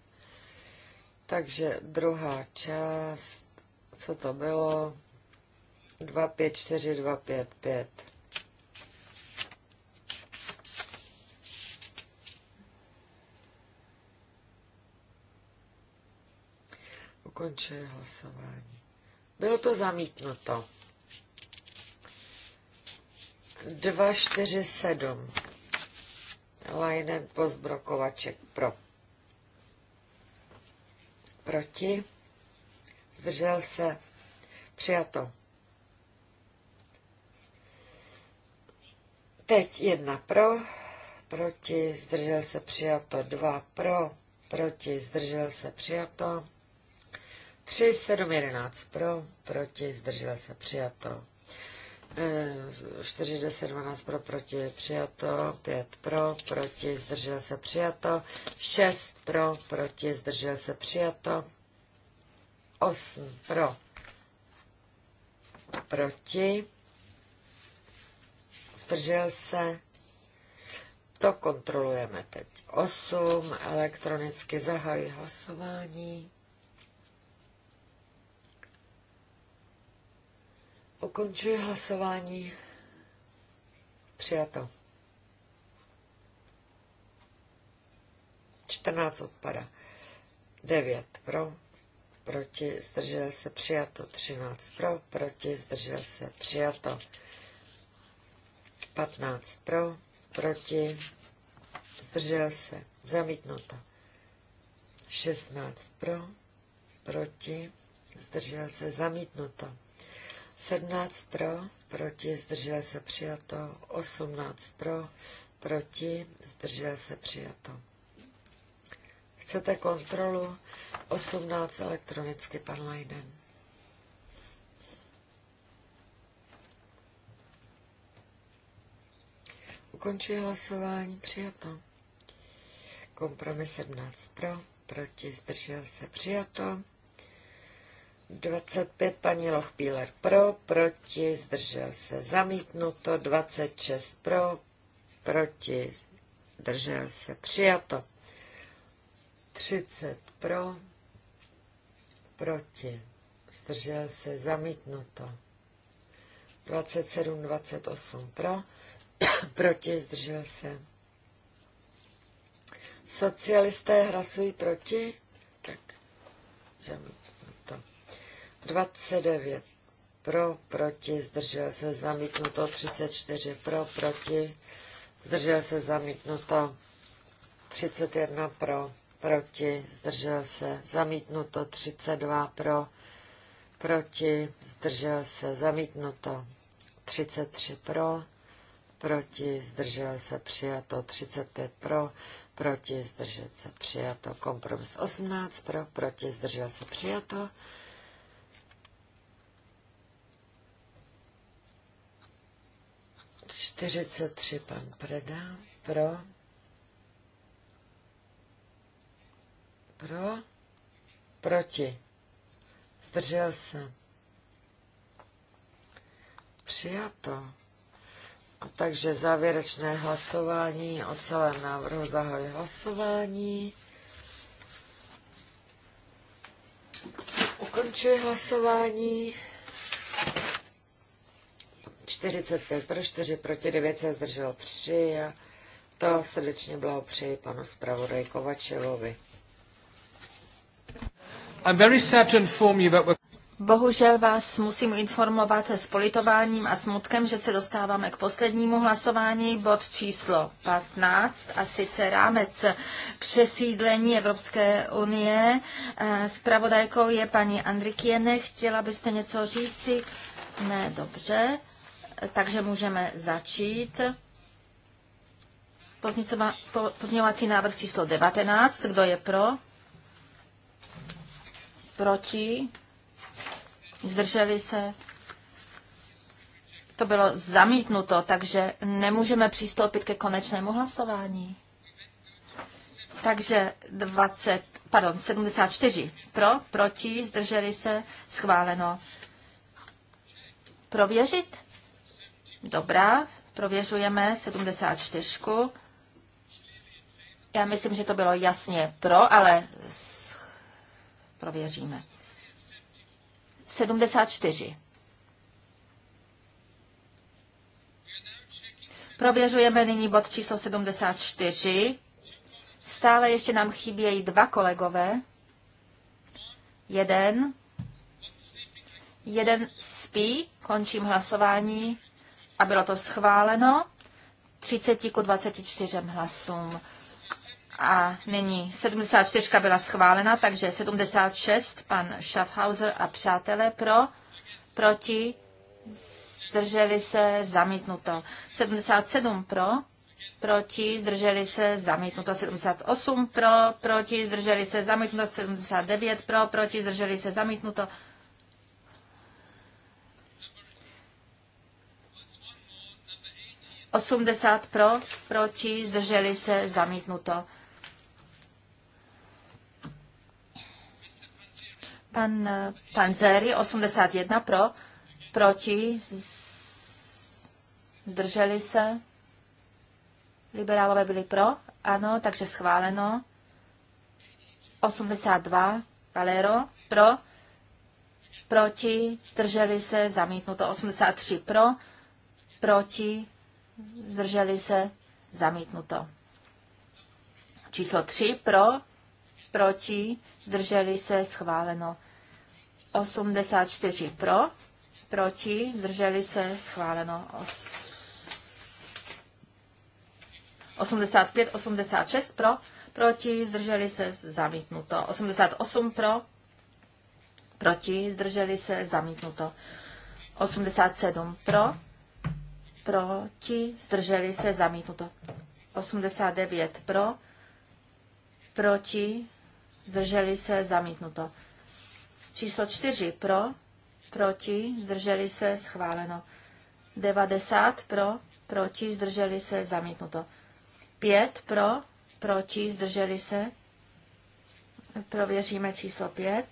Takže druhá část, co to bylo? 254255. Ukončuji hlasování. Bylo to zamítnuto. 247. Lajnen Pozbrokovaček pro. Proti. Zdržel se. Přijato. Teď jedna pro, proti, zdržel se přijato, dva pro, proti, zdržel se přijato. 3, 7, 11 pro, proti, zdržel se, přijato. 4, 10, 12 pro, proti, přijato, 5 pro, proti, zdržel se, přijato, 6 pro, proti, zdržel se, přijato, 8 pro, proti, zdržel se, to kontrolujeme teď. 8, elektronicky zahají hlasování. Ukončuji hlasování. Přijato. 14 odpada. 9 pro, proti, zdržel se, přijato. 13 pro, proti, zdržel se, přijato. 15 pro, proti, zdržel se, zamítnuto. 16 pro, proti, zdržel se, zamítnuto. 17 pro, proti, zdržel se přijato. 18 pro, proti, zdržel se přijato. Chcete kontrolu? 18 elektronicky, pan Leiden. Ukončuji hlasování, přijato. Kompromis 17 pro, proti, zdržel se přijato. 25 paní Lochbíler pro, proti, zdržel se zamítnuto, 26 pro, proti, zdržel se přijato, 30 pro, proti, zdržel se zamítnuto, 27, 28 pro, proti, zdržel se. Socialisté hlasují proti, tak zamítnuto. 29 pro, proti, zdržel se zamítnuto, 34 pro, proti, zdržel se zamítnuto, 31 pro, proti, zdržel se zamítnuto, 32 pro, proti, zdržel se zamítnuto, 33 pro, proti, zdržel se přijato, 35 pro, proti, zdržel se přijato, kompromis 18 pro, proti, zdržel se přijato, 43 pan Preda. Pro. Pro. Proti. Zdržel se. Přijato. A takže závěrečné hlasování o celém návrhu zahoj hlasování. Ukončuji hlasování. 45 pro 4, proti 9 se zdrželo 3. A to srdečně blahopřeji panu zpravodaj Kovačevovi. I'm very sad to inform you that we're... Bohužel vás musím informovat s politováním a smutkem, že se dostáváme k poslednímu hlasování, bod číslo 15, a sice rámec přesídlení Evropské unie. Spravodajkou eh, je paní Andrikiene. Chtěla byste něco říci? Ne, dobře takže můžeme začít. Pozměňovací návrh číslo 19. Kdo je pro? Proti? Zdrželi se? To bylo zamítnuto, takže nemůžeme přistoupit ke konečnému hlasování. Takže 20, pardon, 74 pro, proti, zdrželi se, schváleno. Prověřit? Dobrá, prověřujeme 74. Já myslím, že to bylo jasně pro, ale prověříme. 74. Prověřujeme nyní bod číslo 74. Stále ještě nám chybějí dva kolegové. Jeden. Jeden spí, končím hlasování a bylo to schváleno 30 ku 24 hlasům. A nyní 74 byla schválena, takže 76 pan Schaffhauser a přátelé pro, proti, zdrželi se, zamítnuto. 77 pro, proti, zdrželi se, zamítnuto 78 pro, proti, zdrželi se, zamítnuto 79 pro, proti, zdrželi se, zamítnuto 80 pro, proti, zdrželi se, zamítnuto. Pan eh, Panzeri, 81 pro, proti, zdrželi se. Liberálové byli pro, ano, takže schváleno. 82, Valero, pro, proti, zdrželi se, zamítnuto. 83 pro, proti, zdrželi se, zamítnuto. Číslo 3 pro, proti, zdrželi se, schváleno. 84 pro, proti, zdrželi se, schváleno. 85, 86 pro, proti, zdrželi se, zamítnuto. 88 pro, proti, zdrželi se, zamítnuto. 87 pro, proti, zdrželi se, zamítnuto. 89 pro, proti, zdrželi se, zamítnuto. Číslo 4 pro, proti, zdrželi se, schváleno. 90 pro, proti, zdrželi se, zamítnuto. 5 pro, proti, zdrželi se. Prověříme číslo 5.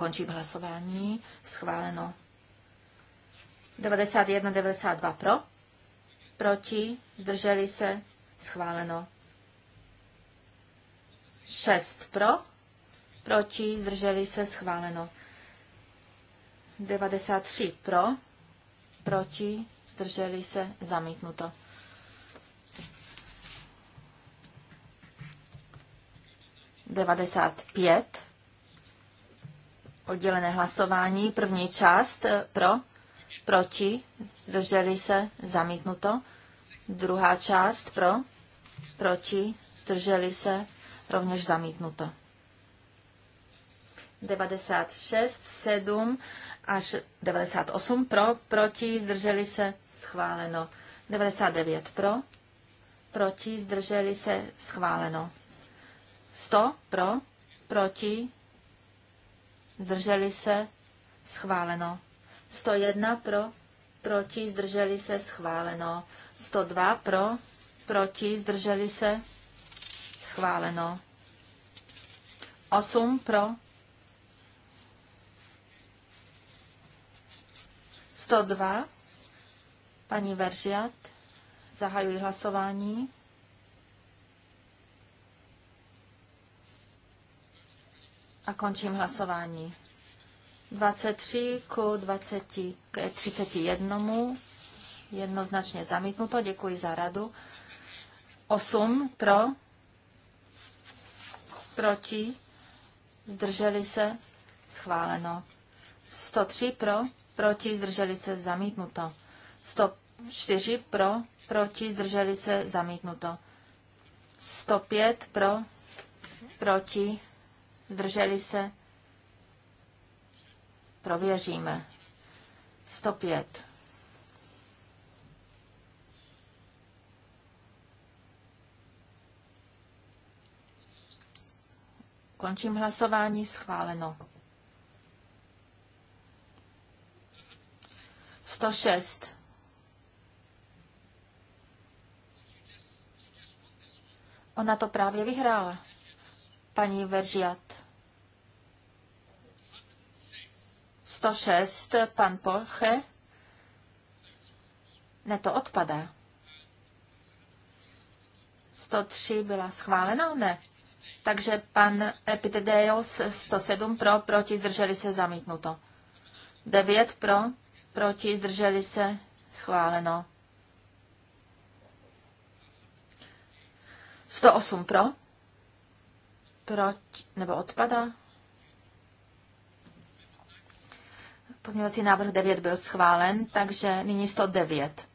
Končím hlasování. Schváleno. 91, 92 pro. Proti. Drželi se. Schváleno. 6 pro. Proti. Drželi se. Schváleno. 93 pro. Proti. Zdrželi se. Zamítnuto. Devadesát pět oddělené hlasování. První část eh, pro, proti, zdrželi se, zamítnuto. Druhá část pro, proti, zdrželi se, rovněž zamítnuto. 96, 7 až 98 pro, proti, zdrželi se, schváleno. 99 pro, proti, zdrželi se, schváleno. 100 pro, proti, zdrželi se, schváleno. 101 pro, proti, zdrželi se, schváleno. 102 pro, proti, zdrželi se, schváleno. 8 pro, 102, paní Veržiat, zahajuji hlasování. A končím hlasování. 23 k 20, k 31. Jednoznačně zamítnuto. Děkuji za radu. 8 pro, proti, zdrželi se, schváleno. 103 pro, proti, zdrželi se, zamítnuto. 104 pro, proti, zdrželi se, zamítnuto. 105 pro, proti, Zdrželi se? Prověříme. 105. Končím hlasování. Schváleno. 106. Ona to právě vyhrála. Paní Veržiat. 106, pan Porche, Ne, to odpadá. 103 byla schválena, ne? Takže pan Epitedeos 107 pro, proti, zdrželi se, zamítnuto. 9 pro, proti, zdrželi se, schváleno. 108 pro, proti, nebo odpada, Pozměňovací návrh 9 byl schválen, takže nyní 109.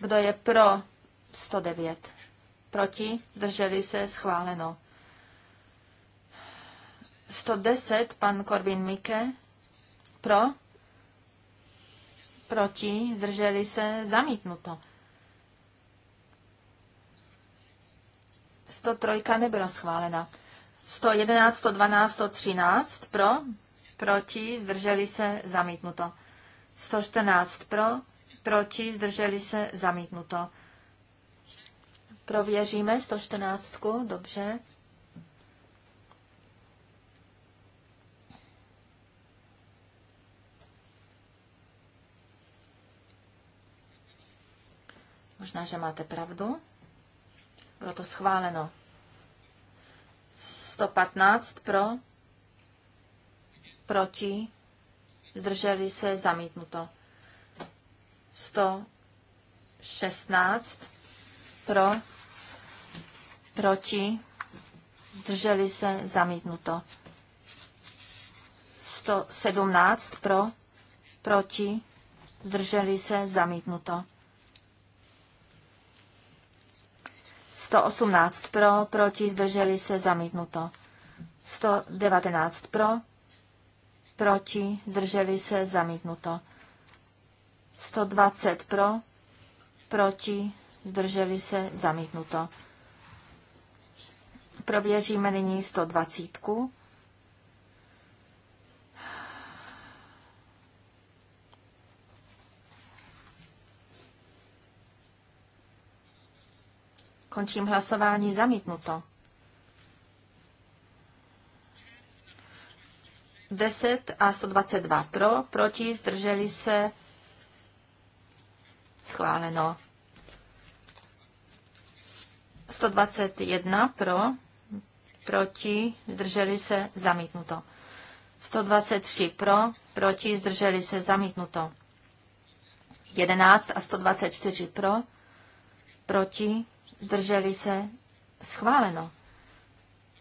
Kdo je pro 109? Proti? Drželi se? Schváleno. 110, pan Korbin Mike. Pro? Proti? Zdrželi se? Zamítnuto. 103 nebyla schválena. 111, 112, 113 pro, proti, zdrželi se, zamítnuto. 114 pro, proti, zdrželi se, zamítnuto. Prověříme 114, dobře. Možná, že máte pravdu. Bylo to schváleno. 115 pro, proti, zdrželi se, zamítnuto. 116 pro, proti, zdrželi se, zamítnuto. 117 pro, proti, zdrželi se, zamítnuto. 118 pro, proti, zdrželi se, zamítnuto. 119 pro, proti, zdrželi se, zamítnuto. 120 pro, proti, zdrželi se, zamítnuto. Prověříme nyní 120. Končím hlasování zamítnuto. 10 a 122 pro, proti, zdrželi se, schváleno. 121 pro, proti, zdrželi se, zamítnuto. 123 pro, proti, zdrželi se, zamítnuto. 11 a 124 pro, proti, zdrželi se, schváleno.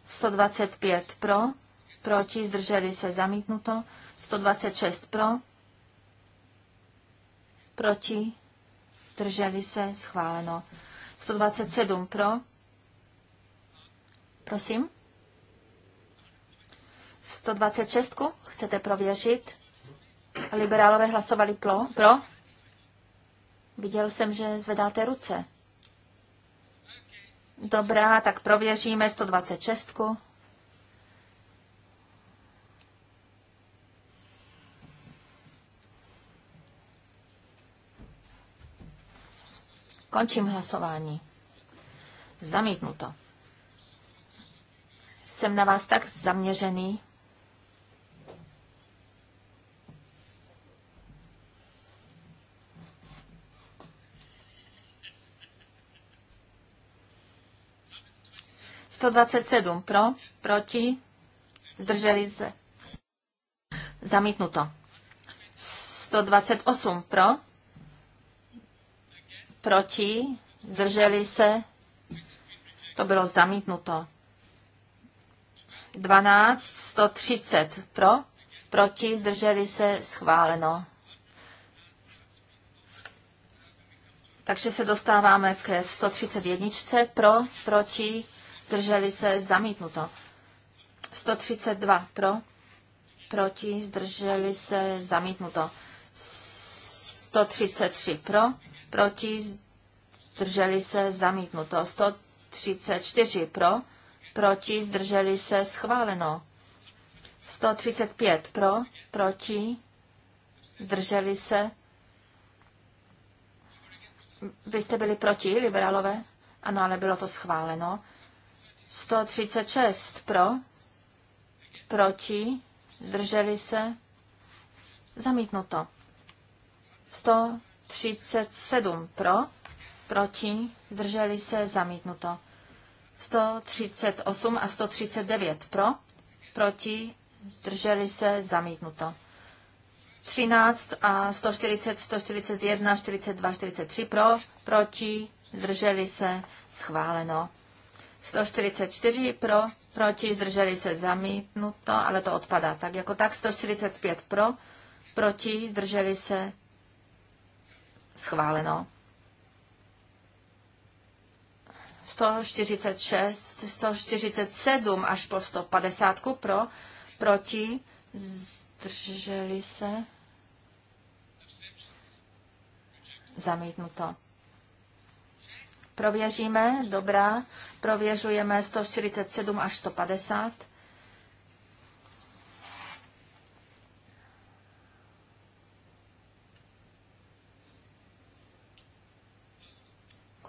125 pro, proti, zdrželi se zamítnuto, 126 pro, proti, zdrželi se schváleno, 127 pro, prosím, 126 chcete prověřit, liberálové hlasovali pro, pro, viděl jsem, že zvedáte ruce. Dobrá, tak prověříme 126. Končím hlasování. Zamítnuto. Jsem na vás tak zaměřený. Sto dvacet sedm pro, proti, zdrželi se. Zamítnuto. 128 pro, proti, zdrželi se, to bylo zamítnuto. 12, 130 pro, proti, zdrželi se, schváleno. Takže se dostáváme ke 131 pro, proti, zdrželi se, zamítnuto. 132 pro, proti, zdrželi se, zamítnuto. 133 pro, proti, zdrželi se, zamítnuto. 134 pro, proti, zdrželi se, schváleno. 135 pro, proti, zdrželi se. Vy jste byli proti, liberálové? Ano, ale bylo to schváleno. 136 pro, proti, zdrželi se, zamítnuto. 100 137 pro, proti, zdrželi se, zamítnuto. 138 a 139 pro, proti, zdrželi se, zamítnuto. 13 a 140, 141, 42, 43 pro, proti, zdrželi se, schváleno. 144 pro, proti, zdrželi se, zamítnuto, ale to odpadá tak jako tak. 145 pro, proti, zdrželi se, Schváleno. 146, 147 až po 150 pro, proti, zdrželi se, zamítnuto. Prověříme, dobrá, prověřujeme 147 až 150.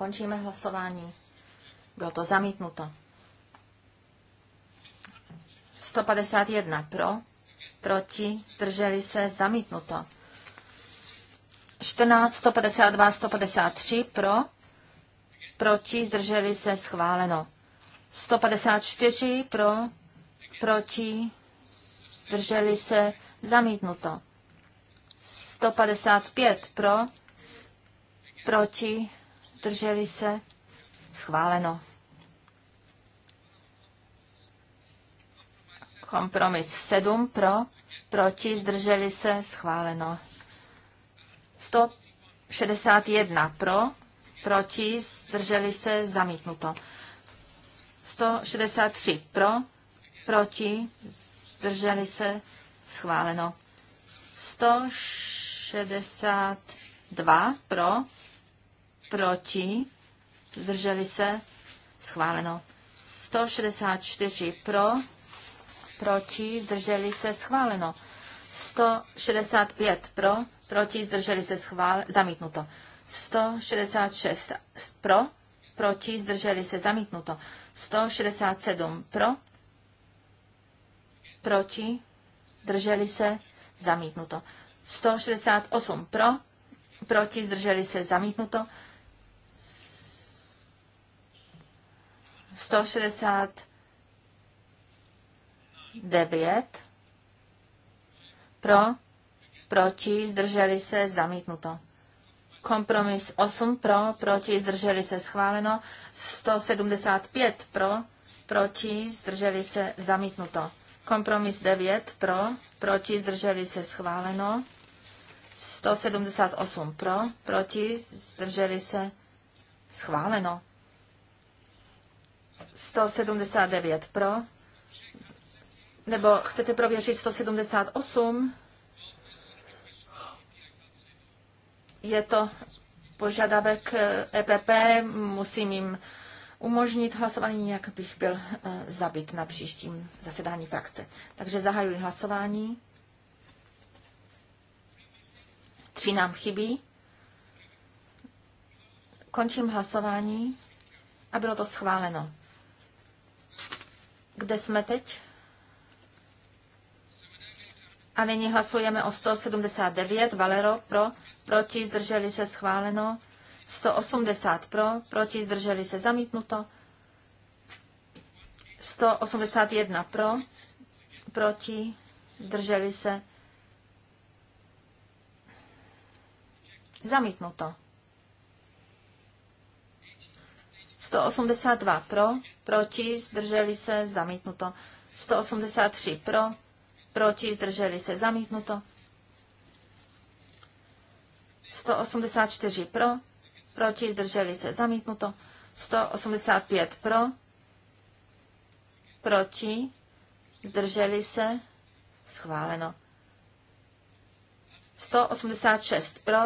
Končíme hlasování. Bylo to zamítnuto. 151 pro, proti, zdrželi se, zamítnuto. 14, 152, 153 pro, proti, zdrželi se, schváleno. 154 pro, proti, zdrželi se, zamítnuto. 155 pro, proti, zdrželi se? Schváleno. Kompromis 7 pro, proti, zdrželi se, schváleno. 161 pro, proti, zdrželi se, zamítnuto. 163 pro, proti, zdrželi se, schváleno. 162 pro, proti, zdrželi se, schváleno. 164 pro, proti, zdrželi se, schváleno. 165 pro, proti, zdrželi se, schvál, zamítnuto. 166 pro, proti, zdrželi se, zamítnuto. 167 pro, proti, zdrželi se, zamítnuto. 168 pro, proti, zdrželi se, zamítnuto. 169 pro, proti, zdrželi se, zamítnuto. Kompromis 8 pro, proti, zdrželi se, schváleno. 175 pro, proti, zdrželi se, zamítnuto. Kompromis 9 pro, proti, zdrželi se, schváleno. 178 pro, proti, zdrželi se, schváleno. 179 pro. Nebo chcete prověřit 178? Je to požadavek EPP, eh, e musím jim umožnit hlasování, jak bych byl eh, zabit na příštím zasedání frakce. Takže zahajuji hlasování. Tři nám chybí. Končím hlasování a bylo to schváleno. Kde jsme teď? A nyní hlasujeme o 179. Valero pro, proti, zdrželi se schváleno. 180 pro, proti, zdrželi se zamítnuto. 181 pro, proti, zdrželi se zamítnuto. 182 pro, proti, zdrželi se, zamítnuto. 183 pro, proti, zdrželi se, zamítnuto. 184 pro, proti, zdrželi se, zamítnuto. 185 pro, proti, zdrželi se, schváleno. 186 pro,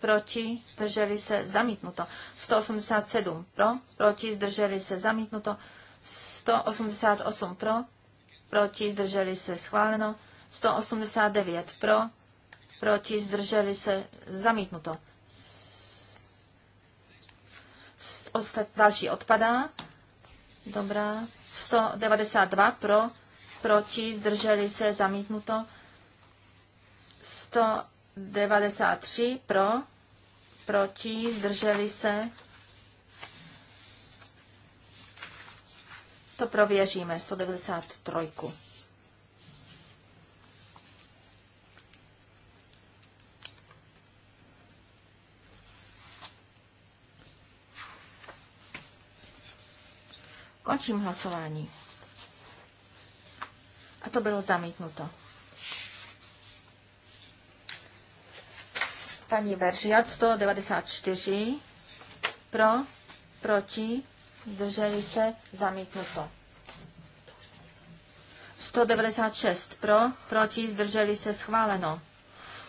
proti, zdrželi se, zamítnuto. 187 pro, proti, zdrželi se, zamítnuto. 188 pro, proti, zdrželi se, schváleno. 189 pro, proti, zdrželi se, zamítnuto. Ostat další odpadá. Dobrá. 192 pro, proti, zdrželi se, zamítnuto. 100 93 pro, proti, zdrželi se. To prověříme, 193. Končím hlasování. A to bylo zamítnuto. Paní Veržiat 194 pro, proti, drželi se, zamítnuto. 196 pro, proti, zdrželi se, schváleno.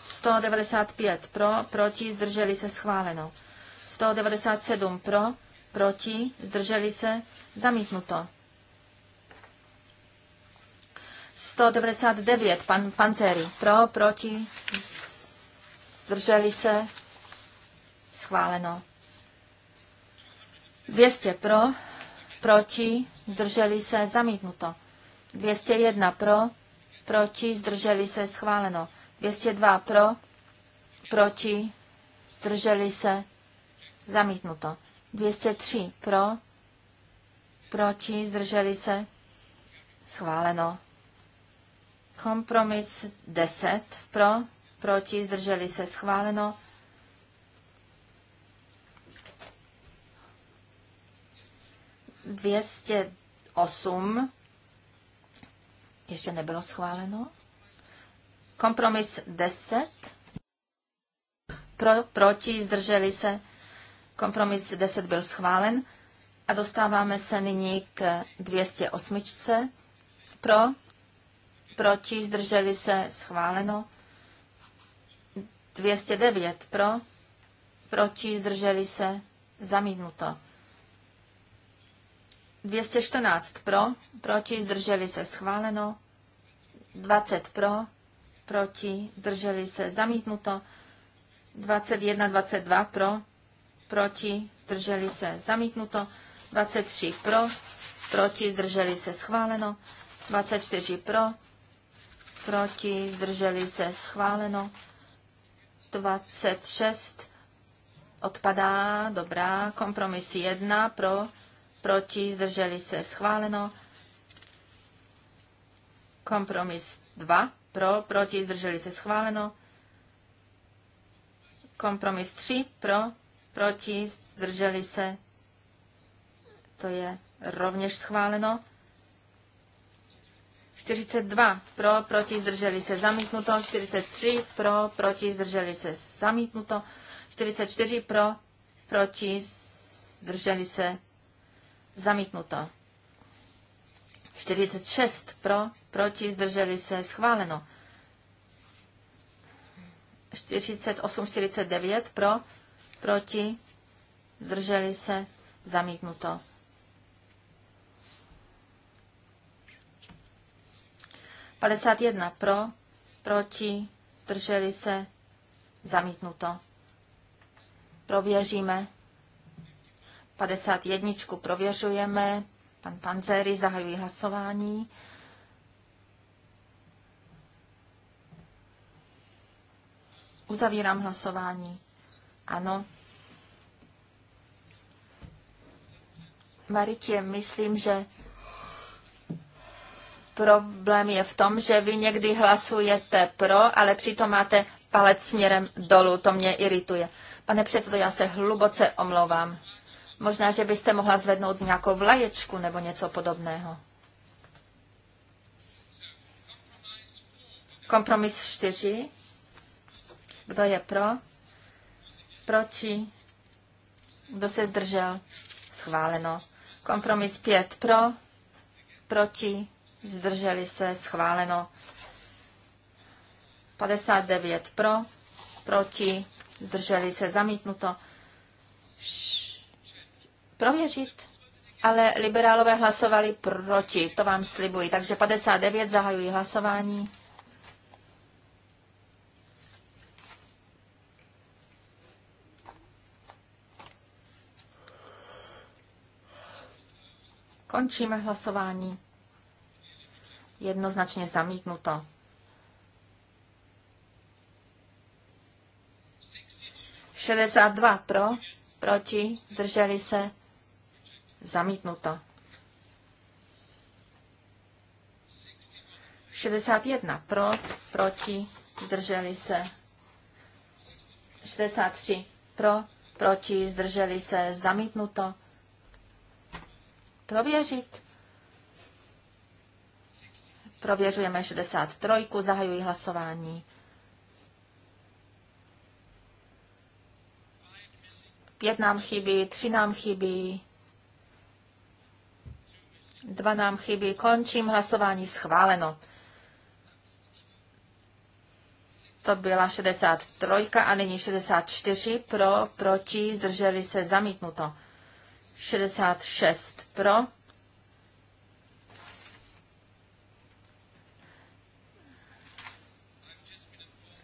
195 pro, proti, zdrželi se, schváleno. 197 pro, proti, zdrželi se, zamítnuto. 199, pan Panceri, pro, proti, zdrželi se, schváleno. 200 pro, proti, zdrželi se, zamítnuto. 201 pro, proti, zdrželi se, schváleno. 202 pro, proti, zdrželi se, zamítnuto. 203 pro, proti, zdrželi se, schváleno. Kompromis 10 pro, proti, zdrželi se schváleno. Dvěstě osm ještě nebylo schváleno. Kompromis deset. Pro, proti, zdrželi se. Kompromis deset byl schválen. A dostáváme se nyní k 208. Pro, proti, zdrželi se, schváleno. 209 pro, proti, zdrželi se, zamítnuto. 214 pro, proti, zdrželi se, schváleno. 20 pro, proti, zdrželi se, zamítnuto. 21, 22 pro, proti, zdrželi se, zamítnuto. 23 pro, proti, zdrželi se, schváleno. 24 pro, proti, zdrželi se, schváleno. 26 odpadá, dobrá. Kompromis 1 pro, proti, zdrželi se, schváleno. Kompromis 2 pro, proti, zdrželi se, schváleno. Kompromis 3 pro, proti, zdrželi se, to je rovněž schváleno. 42 pro, proti, zdrželi se zamítnuto, 43 pro, proti, zdrželi se zamítnuto, 44 pro, proti, zdrželi se zamítnuto. 46 pro, proti, zdrželi se schváleno. 48, 49 pro, proti, zdrželi se zamítnuto. 51 pro, proti, zdrželi se, zamítnuto. Prověříme. 51 prověřujeme. Pan panzery zahajují hlasování. Uzavírám hlasování. Ano. Maritě, myslím, že Problém je v tom, že vy někdy hlasujete pro, ale přitom máte palec směrem dolů. To mě irituje. Pane předsedo, já se hluboce omlouvám. Možná, že byste mohla zvednout nějakou vlaječku nebo něco podobného. Kompromis 4. Kdo je pro? Proti? Kdo se zdržel? Schváleno. Kompromis 5 pro, proti, zdrželi se, schváleno. 59 pro, proti, zdrželi se, zamítnuto. Prověřit. Ale liberálové hlasovali proti, to vám slibuji. Takže 59 zahajují hlasování. Končíme hlasování jednoznačně zamítnuto. 62 pro, proti, zdrželi se, zamítnuto. 61 pro, proti, zdrželi se. 63 pro, proti, zdrželi se, zamítnuto. Prověřit. Prověřujeme 63. Zahajuji hlasování. Pět nám chybí, tři nám chybí, dva nám chybí. Končím hlasování schváleno. To byla 63 a nyní 64 pro, proti, zdrželi se zamítnuto. 66 pro,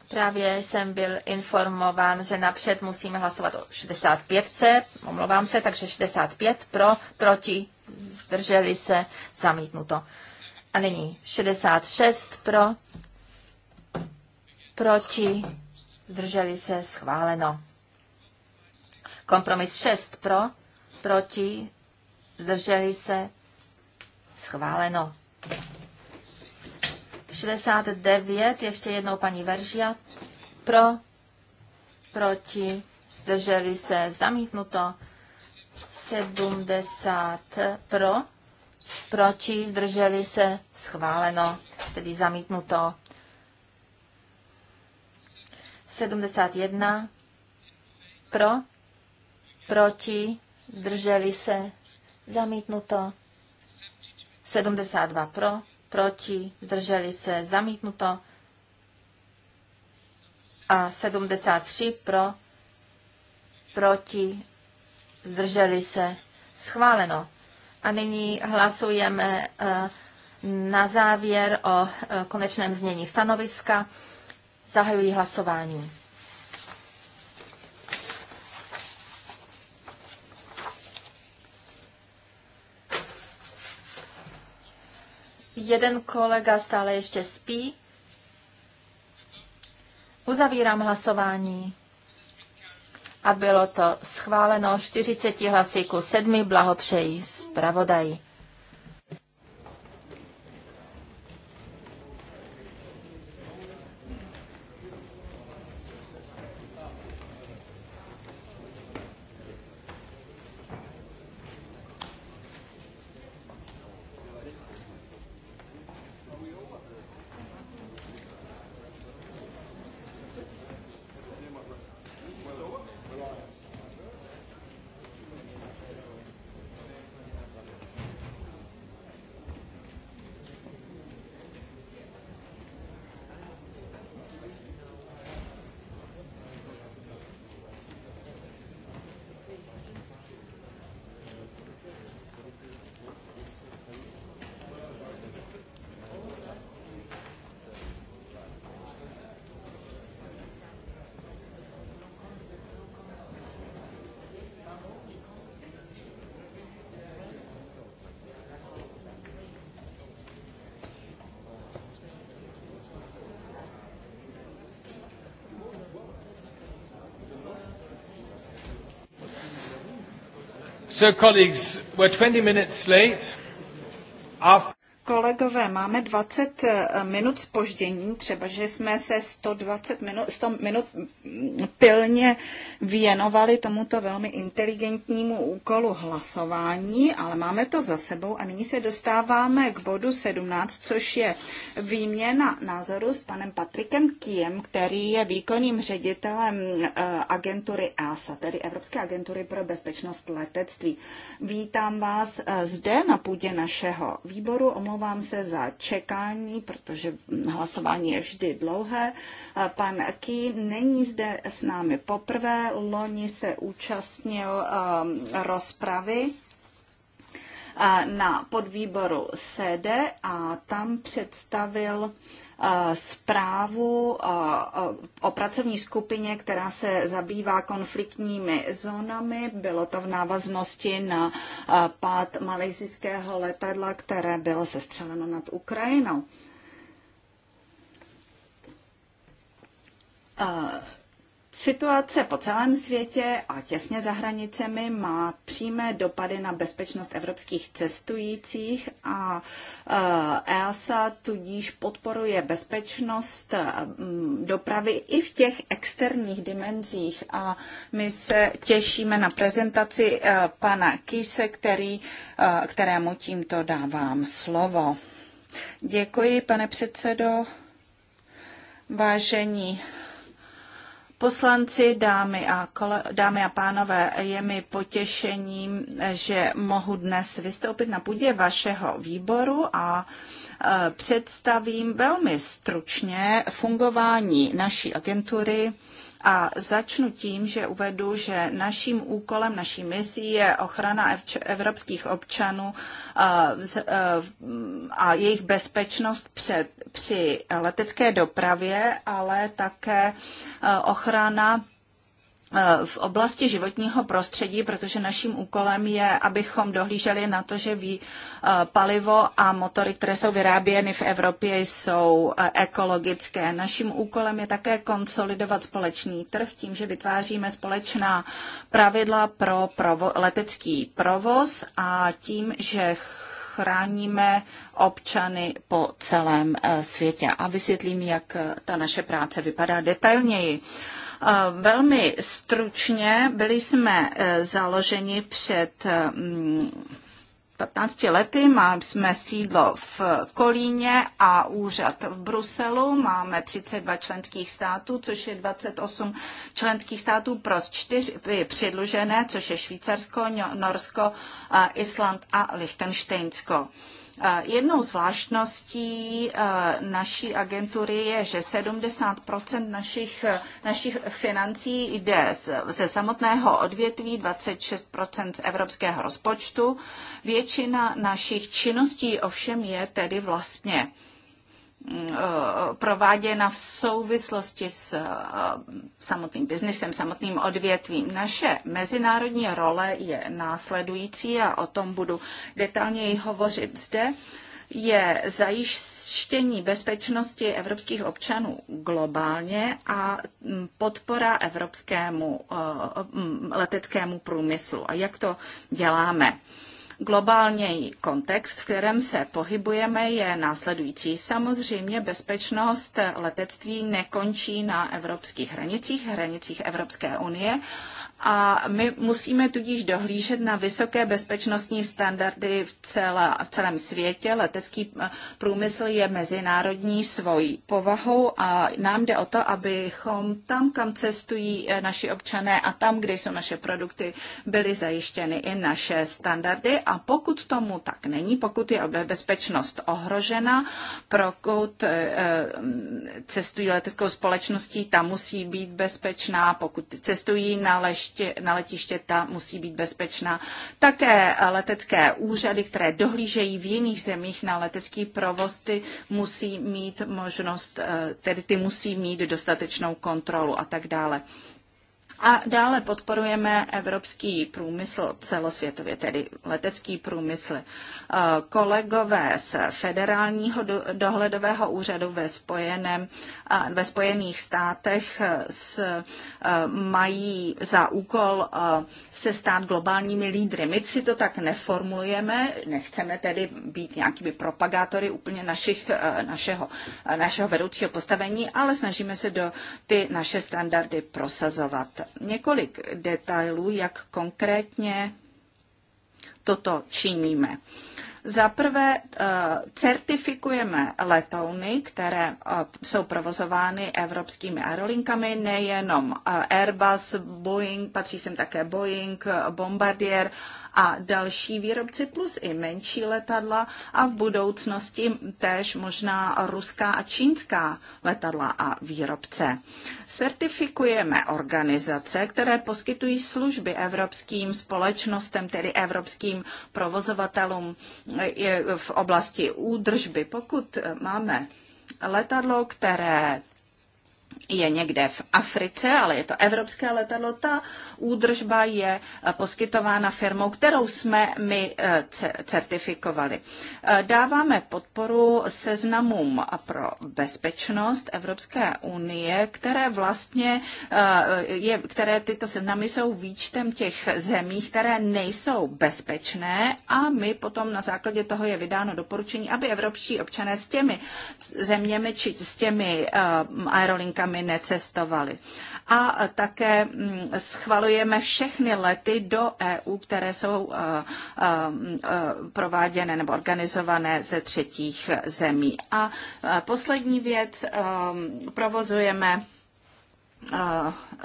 Právě jsem byl informován, že napřed musíme hlasovat o 65, omlouvám se, takže 65 pro, proti, zdrželi se, zamítnuto. A nyní 66 pro, proti, zdrželi se, schváleno. Kompromis 6 pro, proti, zdrželi se, schváleno. 69, ještě jednou paní Veržia. Pro, proti, zdrželi se, zamítnuto. 70 pro, proti, zdrželi se, schváleno, tedy zamítnuto. 71 pro, proti, zdrželi se, zamítnuto. 72 pro, proti, zdrželi se, zamítnuto. A 73 pro, proti, zdrželi se, schváleno. A nyní hlasujeme eh, na závěr o eh, konečném znění stanoviska. Zahajuji hlasování. Jeden kolega stále ještě spí. Uzavírám hlasování. A bylo to schváleno 40 hlasy ku 7. Blahopřeji zpravodaji. Kolegové, máme 20 eh, minut spoždění, třeba že jsme se 120 minut, 100 minut pilně věnovali tomuto velmi inteligentnímu úkolu hlasování, ale máme to za sebou a nyní se dostáváme k bodu 17, což je výměna názoru s panem Patrikem Kiem, který je výkonným ředitelem eh, agentury EASA, tedy Evropské agentury pro bezpečnost letectví. Vítám vás eh, zde na půdě našeho výboru. Omlouvám se za čekání, protože hlasování je vždy dlouhé. Eh, pan Ký není zde s námi poprvé, loni se účastnil um, rozpravy uh, na podvýboru SEDE a tam představil uh, zprávu uh, o pracovní skupině, která se zabývá konfliktními zónami. Bylo to v návaznosti na pád malejzijského letadla, které bylo sestřeleno nad Ukrajinou. Situace po celém světě a těsně za hranicemi má přímé dopady na bezpečnost evropských cestujících a EASA eh, e tudíž podporuje bezpečnost mm, dopravy i v těch externích dimenzích. A my se těšíme na prezentaci eh, pana Kise, který, eh, kterému tímto dávám slovo. Děkuji, pane předsedo. Vážení Poslanci, dámy a, kole, dámy a pánové, je mi potěšením, že mohu dnes vystoupit na půdě vašeho výboru a e, představím velmi stručně fungování naší agentury a začnu tím, že uvedu, že naším úkolem, naší misí je ochrana evropských občanů eh, eh, a jejich bezpečnost před, při letecké dopravě, ale také eh, ochrana Eh, v oblasti životního prostředí, protože naším úkolem je, abychom dohlíželi na to, že ví, eh, palivo a motory, které jsou vyráběny v Evropě, jsou eh, ekologické. Naším úkolem je také konsolidovat společný trh tím, že vytváříme společná pravidla pro provo- letecký provoz a tím, že chráníme občany po celém světě. A vysvětlím, jak ta naše práce vypadá detailněji. Eh, velmi stručně byli jsme eh, založeni před 15 mm, lety. Máme sídlo v Kolíně a úřad v Bruselu. Máme 32 členských států, což je 28 členských států pro čtyři přidlužené, což je Švýcarsko, Norsko, eh, Island a Liechtensteinsko. Jednou zvláštností eh, naší agentury je, že 70 našich, eh, našich financí jde ze samotného odvětví, 26 z evropského rozpočtu. Většina našich činností ovšem je tedy vlastně Eh, prováděna v souvislosti s eh, samotným biznesem, samotným odvětvím. Naše mezinárodní role je následující a o tom budu detailněji hovořit zde je zajištění bezpečnosti evropských občanů globálně a podpora evropskému eh, leteckému průmyslu. A jak to děláme? Globálněji kontext, v kterém se pohybujeme, je následující. Samozřejmě bezpečnost letectví nekončí na evropských hranicích, hranicích Evropské unie, a my musíme tudíž dohlížet na vysoké bezpečnostní standardy v, celé, v celém světě. Letecký eh, průmysl je mezinárodní svojí povahou a nám jde o to, abychom tam, kam cestují eh, naši občané a tam, kde jsou naše produkty, byly zajištěny i naše standardy. A pokud tomu tak není, pokud je bezpečnost ohrožena, pokud eh, cestují leteckou společností, ta musí být bezpečná, pokud cestují na leš letiště, na letiště, ta musí být bezpečná. Také letecké úřady, které dohlížejí v jiných zemích na letecký provoz, ty musí mít možnost, eh, tedy ty musí mít dostatečnou kontrolu a tak dále. A dále podporujeme evropský průmysl celosvětově, tedy letecký průmysl. E, kolegové z Federálního dohledového úřadu ve, spojeném, ve Spojených státech e, s, e, mají za úkol se stát globálními lídry. My si to tak neformulujeme, nechceme tedy být nějakými propagátory úplně našich, našeho, našeho vedoucího postavení, ale snažíme se do ty naše standardy prosazovat několik detailů, jak konkrétně toto činíme. Za prvé eh, certifikujeme letouny, které eh, jsou provozovány evropskými aerolinkami, nejenom eh, Airbus, Boeing, patří sem také Boeing, Bombardier a další výrobci, plus i menší letadla a v budoucnosti též možná ruská a čínská letadla a výrobce. Certifikujeme organizace, které poskytují služby evropským společnostem, tedy evropským provozovatelům v oblasti údržby. Pokud máme letadlo, které je někde v Africe, ale je to evropské letadlo. Ta údržba je eh, poskytována firmou, kterou jsme my eh, certifikovali. Eh, dáváme podporu seznamům pro bezpečnost Evropské unie, které vlastně, je, které tyto seznamy jsou výčtem těch zemí, které nejsou bezpečné a my potom na základě toho je vydáno doporučení, aby evropští občané s těmi zeměmi či s těmi aerolinkami sami necestovali. A také mm, schvalujeme všechny lety do EU, které jsou eh, eh, eh, prováděné nebo organizované ze třetích zemí. A poslední věc, provozujeme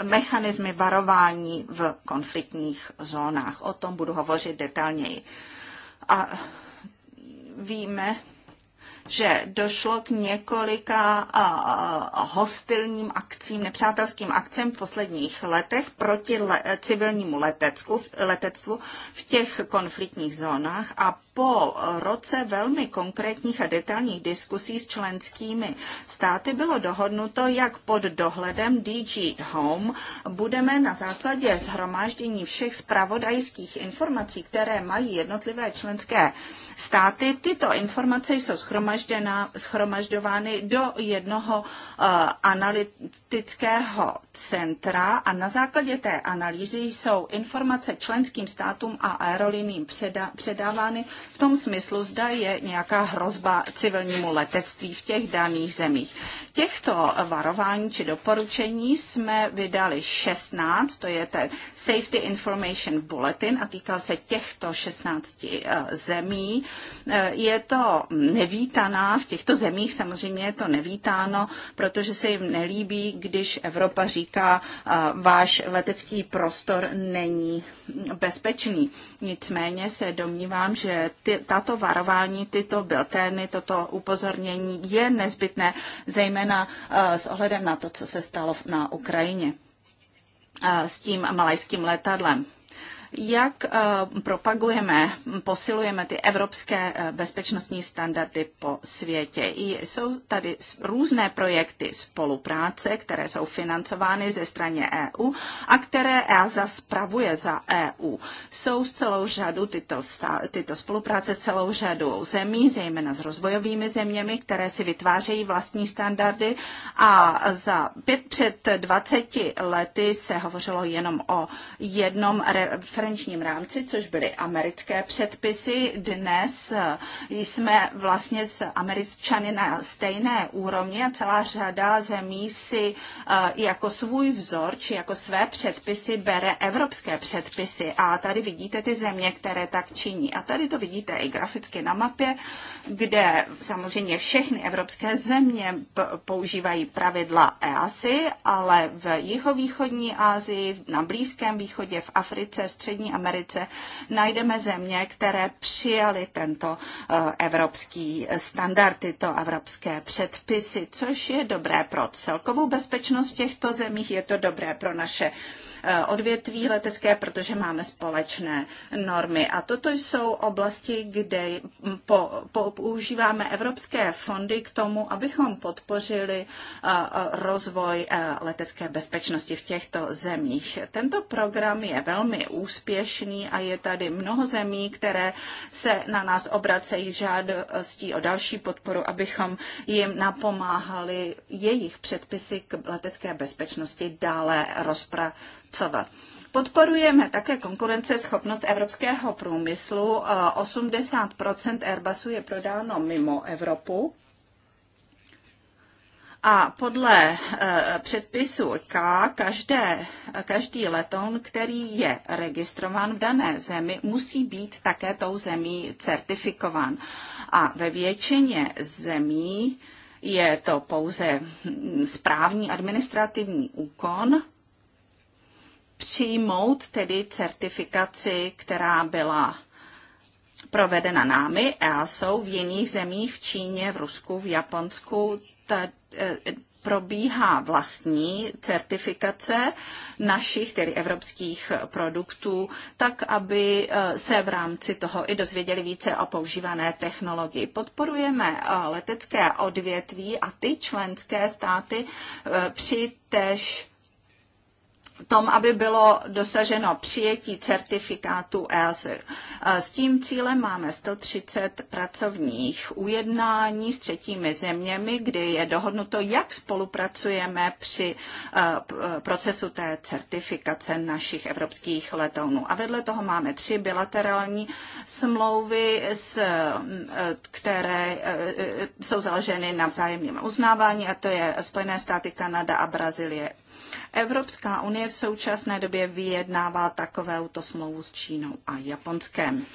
mechanismy varování v konfliktních zónách. O tom budu hovořit detailněji. A víme, že došlo k několika hostilním akcím, nepřátelským akcem v posledních letech proti le, civilnímu letecku, letectvu v těch konfliktních zónách a po roce velmi konkrétních a detailních diskusí s členskými státy bylo dohodnuto, jak pod dohledem DG Home budeme na základě zhromáždění všech zpravodajských informací, které mají jednotlivé členské státy. Tyto informace jsou schromažďovány do jednoho eh, analytického centra a na základě té analýzy jsou informace členským státům a aerolíním předávány v tom smyslu, zda je nějaká hrozba civilnímu letectví v těch daných zemích. Těchto varování či doporučení jsme vydali 16, to je ten Safety Information Bulletin a týkal se těchto 16 eh, zemí. Eh, je to nevítaná, v těchto zemích samozřejmě je to nevítáno, protože se jim nelíbí, když Evropa říká, eh, váš letecký prostor není bezpečný. Nicméně se domnívám, že ty, tato varování, tyto biltény, toto upozornění je nezbytné, zejména eh, s ohledem na to, co se stalo na Ukrajině s tím malajským letadlem jak eh, propagujeme, posilujeme ty evropské eh, bezpečnostní standardy po světě. Jsou tady různé projekty spolupráce, které jsou financovány ze strany EU a které EASA spravuje za EU. Jsou s celou řadu tyto, tyto spolupráce celou řadu zemí, zejména s rozvojovými zeměmi, které si vytvářejí vlastní standardy a za pět, před 20 lety se hovořilo jenom o jednom referenčním rámci, což byly americké předpisy. Dnes eh, jsme vlastně s američany na stejné úrovni a celá řada zemí si eh, jako svůj vzor či jako své předpisy bere evropské předpisy. A tady vidíte ty země, které tak činí. A tady to vidíte i graficky na mapě, kde samozřejmě všechny evropské země používají pravidla EASI, ale v jihovýchodní Asii, na Blízkém východě, v Africe, střední Střední Americe najdeme země, které přijaly tento eh, evropský standard, tyto evropské předpisy, což je dobré pro celkovou bezpečnost těchto zemích, je to dobré pro naše Eh, odvětví letecké, protože máme společné normy. A toto jsou oblasti, kde po, po, používáme evropské fondy k tomu, abychom podpořili eh, rozvoj eh, letecké bezpečnosti v těchto zemích. Tento program je velmi úspěšný a je tady mnoho zemí, které se na nás obracejí s žádostí o další podporu, abychom jim napomáhali jejich předpisy k letecké bezpečnosti dále rozpracovat pracovat. Podporujeme také konkurenceschopnost evropského průmyslu. 80 Airbusu je prodáno mimo Evropu. A podle eh, předpisu K každé, každý letoun, který je registrován v dané zemi, musí být také tou zemí certifikován. A ve většině zemí je to pouze hm, správní administrativní úkon, přijmout tedy certifikaci, která byla provedena námi, EASO, v jiných zemích, v Číně, v Rusku, v Japonsku, ta, e, probíhá vlastní certifikace našich, tedy evropských produktů, tak, aby e, se v rámci toho i dozvěděli více o používané technologii. Podporujeme e, letecké odvětví a ty členské státy při též tom, aby bylo dosaženo přijetí certifikátu EASA, S tím cílem máme 130 pracovních ujednání s třetími zeměmi, kdy je dohodnuto, jak spolupracujeme při e, e, procesu té certifikace našich evropských letounů. A vedle toho máme tři bilaterální smlouvy, e, které jsou založeny na vzájemném uznávání, a to je Spojené státy, Kanada a Brazílie Evropská unie v současné době vyjednává takovouto smlouvu s Čínou a Japonskem.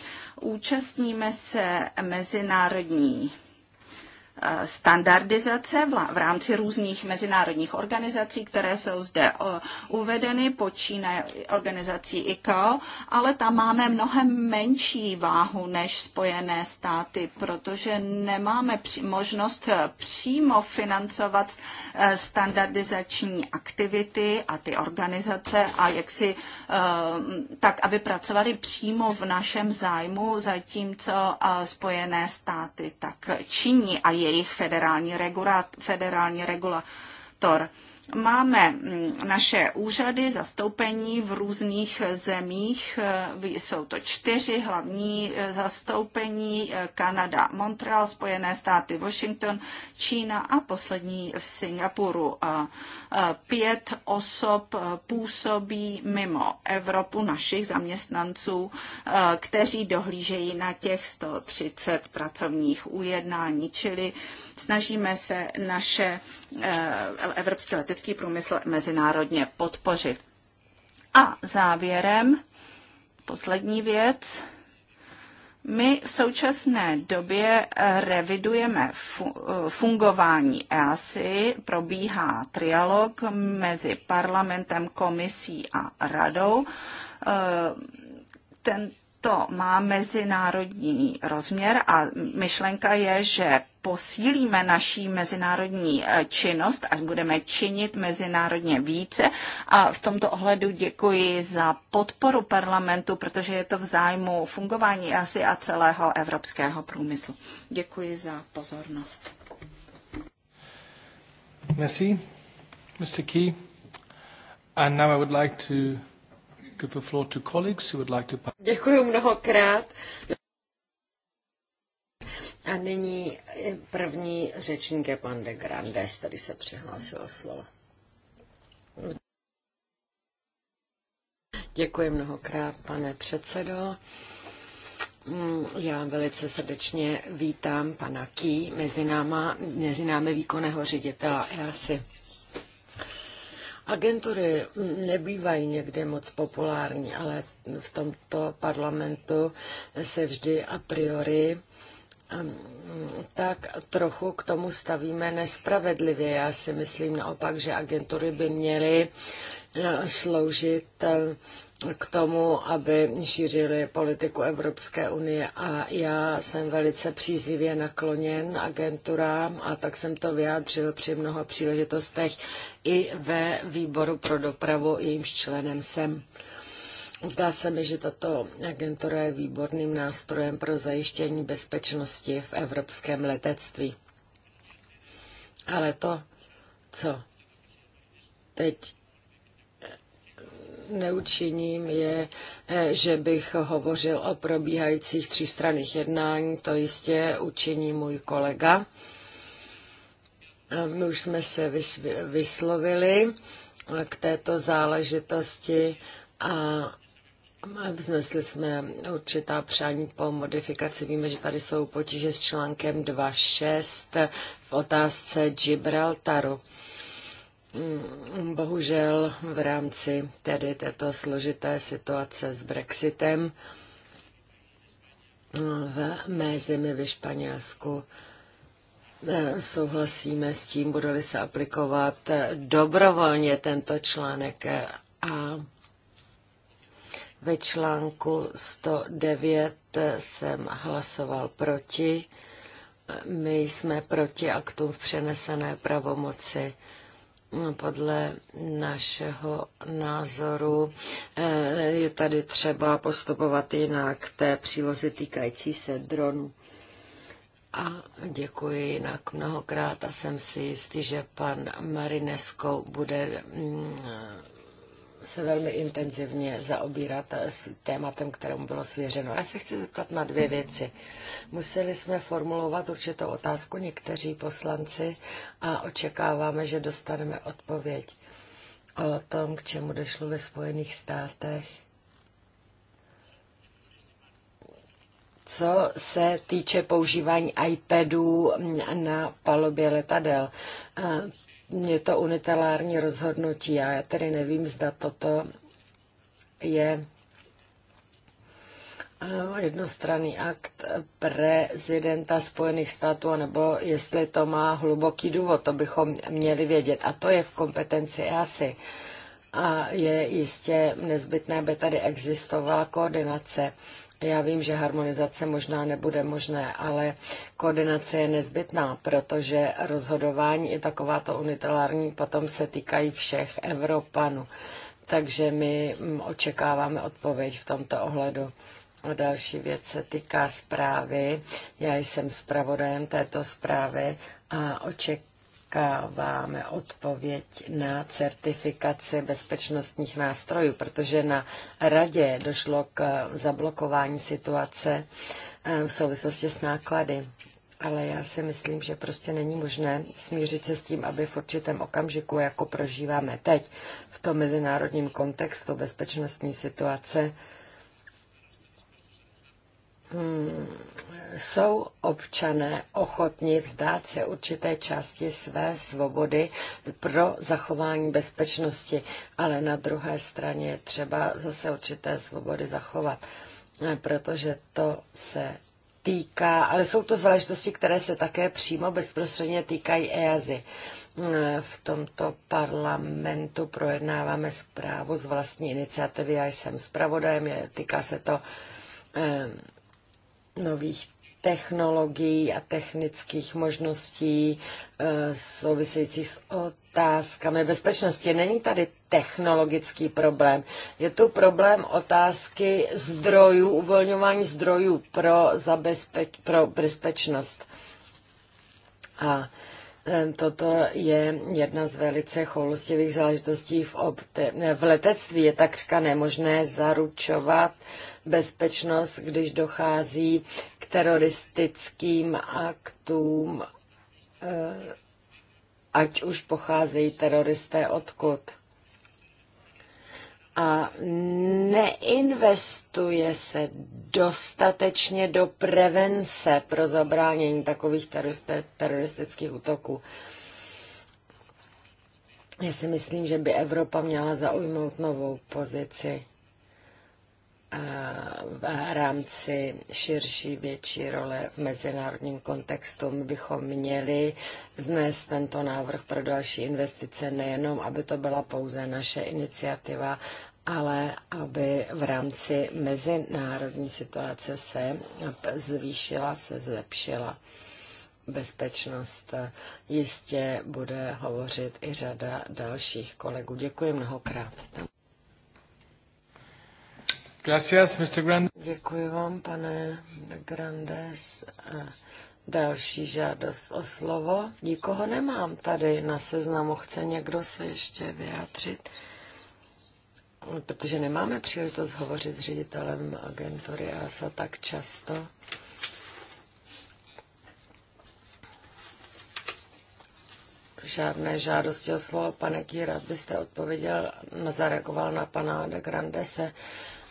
Účastníme se mezinárodní Eh, standardizace v rámci různých mezinárodních organizací, které jsou zde eh, uvedeny, počínaje organizací ICAO, ale tam máme mnohem menší váhu než Spojené státy, protože nemáme možnost eh, přímo financovat standardizační aktivity a ty organizace a jak si tak, aby pracovali přímo v našem zájmu, zatímco Spojené státy tak činí a je jejich federální, regula, federální regulator. Máme mm, naše úřady zastoupení v různých eh, zemích, eh, jsou to čtyři hlavní eh, zastoupení, Kanada, Montreal, Spojené státy, Washington, Čína a poslední v Singapuru. Pět osob působí mimo Evropu našich zaměstnanců, kteří dohlížejí na těch 130 pracovních ujednání, čili Snažíme se naše eh, evropský letecký průmysl mezinárodně podpořit. A závěrem, poslední věc, my v současné době eh, revidujeme eh, fungování EASI, probíhá trialog mezi parlamentem, komisí a radou. Ten to má mezinárodní rozměr a myšlenka je, že posílíme naší mezinárodní eh, činnost a budeme činit mezinárodně více. A v tomto ohledu děkuji za podporu parlamentu, protože je to v zájmu fungování asi a celého evropského průmyslu. Děkuji za pozornost. Merci, Mr. Key. And now I would like to give the floor to colleagues who would like to... Děkuji mnohokrát. A nyní první řečník je pan de Grandes, který se přihlásil o slovo. Děkuji mnohokrát, pane předsedo. Mm, Já velice srdečně vítám pana Ký mezi, náma, mezi námi výkonného ředitela EASY. Agentury nebývají někde moc populární, ale v tomto parlamentu se vždy a priori ehm, tak trochu k tomu stavíme nespravedlivě. Já si myslím naopak, že agentury by měly sloužit eh, k tomu, aby šířili politiku Evropské unie a já jsem velice přízivě nakloněn agenturám a tak jsem to vyjádřil při mnoha příležitostech i ve výboru pro dopravu, jejímž členem jsem. Zdá se mi, že tato agentura je výborným nástrojem pro zajištění bezpečnosti v evropském letectví. Ale to, co teď neučiním, je, eh, že bych hovořil o probíhajících třístranných jednání. To jistě učiní můj kolega. Eh, my už jsme se vyslovili eh, k této záležitosti a Vznesli jsme určitá přání po modifikaci. Víme, že tady jsou potíže s článkem 2.6 v otázce Gibraltaru. Mm, bohužel v rámci tedy této složité situace s Brexitem v mé zemi ve Španělsku eh, souhlasíme s tím, budou li se aplikovat eh, dobrovolně tento článek eh, a ve článku 109 jsem hlasoval proti. My jsme proti aktům v přenesené pravomoci No, podle našeho názoru eh, je tady třeba postupovat jinak té přílozy týkající se dronu. A děkuji jinak mnohokrát a jsem si jistý, že pan Marinesko bude mm, se velmi intenzivně zaobírat eh, s tématem, kterému bylo svěřeno. Já se chci zeptat na dvě věci. Museli jsme formulovat určitou otázku někteří poslanci a očekáváme, že dostaneme odpověď o tom, k čemu došlo ve Spojených státech. co se týče používání iPadů na palubě letadel. Eh, je to unitelární rozhodnutí. Já tedy nevím, zda toto je eh, jednostranný akt prezidenta Spojených států, nebo jestli to má hluboký důvod, to bychom měli vědět. A to je v kompetenci Asi A je jistě nezbytné, aby tady existovala koordinace já vím, že harmonizace možná nebude možné, ale koordinace je nezbytná, protože rozhodování i takováto unitární potom se týkají všech Evropanů. Takže my mm, očekáváme odpověď v tomto ohledu. A další věc se týká zprávy. Já jsem zpravodajem této zprávy a oček očekáváme odpověď na certifikaci bezpečnostních nástrojů, protože na radě došlo k zablokování situace eh, v souvislosti s náklady. Ale já si myslím, že prostě není možné smířit se s tím, aby v určitém okamžiku, jako prožíváme teď, v tom mezinárodním kontextu bezpečnostní situace, Hmm, jsou občané ochotní vzdát se určité části své svobody pro zachování bezpečnosti, ale na druhé straně je třeba zase určité svobody zachovat, eh, protože to se týká, ale jsou to záležitosti, které se také přímo bezprostředně týkají EASY. Eh, v tomto parlamentu projednáváme zprávu z vlastní iniciativy, já jsem zpravodajem, týká se to eh, nových technologií a technických možností eh, souvisejících s otázkami bezpečnosti. Není tady technologický problém. Je tu problém otázky zdrojů, uvolňování zdrojů pro, zabezpeč, pro bezpečnost. A Ehm, toto je jedna z velice choulostivých záležitostí v, opte- v letectví. Je takřka nemožné zaručovat bezpečnost, když dochází k teroristickým aktům, ehm, ať už pocházejí teroristé odkud a neinvestuje se dostatečně do prevence pro zabránění takových teroristických útoků. Já si myslím, že by Evropa měla zaujmout novou pozici v rámci širší, větší role v mezinárodním kontextu. My bychom měli vznést tento návrh pro další investice, nejenom, aby to byla pouze naše iniciativa, ale aby v rámci mezinárodní situace se zvýšila, se zlepšila bezpečnost. Jistě bude hovořit i řada dalších kolegů. Děkuji mnohokrát. Gracias, Mr. Děkuji vám, pane Grandes. Další žádost o slovo. Nikoho nemám tady na seznamu. Chce někdo se ještě vyjádřit? Protože nemáme příležitost hovořit s ředitelem agentury ASA tak často. žádné žádosti o slovo. Pane Kýra, byste odpověděl, zareagoval na pana de Grandese.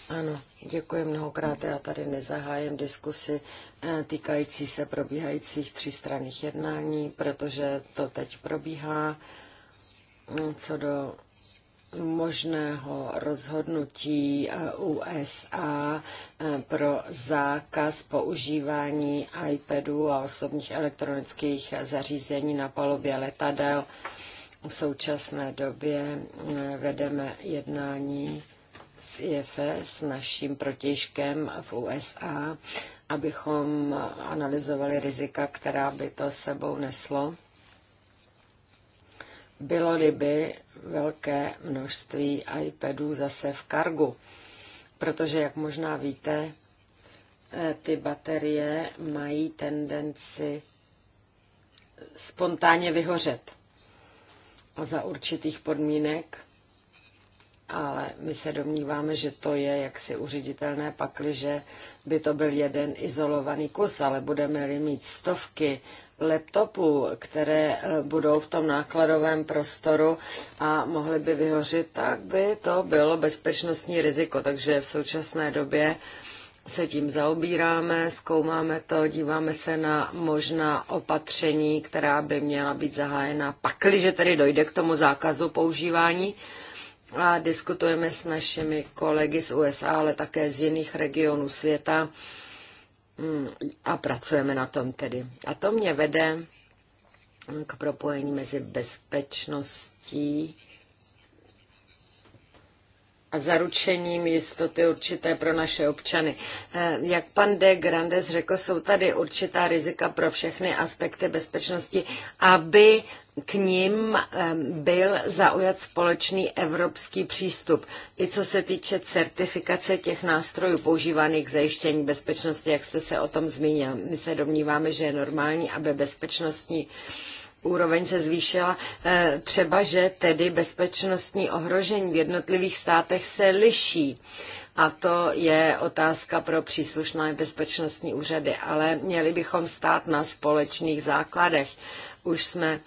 Ano, děkuji mnohokrát. Já tady nezahájím diskusy eh, týkající se probíhajících třístranných jednání, protože to teď probíhá. Mm, co do možného rozhodnutí eh, USA eh, pro zákaz používání iPadů a osobních elektronických zařízení na palubě letadel. V současné době vedeme jednání s IFS, e, naším protěžkem v USA, abychom analyzovali rizika, která by to sebou neslo. bylo by velké množství iPadů zase v kargu, protože, jak možná víte, eh, ty baterie mají tendenci spontánně vyhořet. A za určitých podmínek ale my se domníváme, že to je jaksi uředitelné pakliže by to byl jeden izolovaný kus, ale budeme-li mít stovky laptopů, které eh, budou v tom nákladovém prostoru a mohly by vyhořit, tak by to bylo bezpečnostní riziko. Takže v současné době se tím zaobíráme, zkoumáme to, díváme se na možná opatření, která by měla být zahájena, pakliže tedy dojde k tomu zákazu používání a diskutujeme s našimi kolegy z USA, ale také z jiných regionů světa mm, a pracujeme na tom tedy. A to mě vede k propojení mezi bezpečností a zaručením jistoty určité pro naše občany. Eh, jak pan de Grandes řekl, jsou tady určitá rizika pro všechny aspekty bezpečnosti, aby k ním byl zaujat společný evropský přístup. I co se týče certifikace těch nástrojů používaných k zajištění bezpečnosti, jak jste se o tom zmínil. My se domníváme, že je normální, aby bezpečnostní úroveň se zvýšila, e, třeba že tedy bezpečnostní ohrožení v jednotlivých státech se liší. A to je otázka pro příslušné bezpečnostní úřady, ale měli bychom stát na společných základech. Už jsme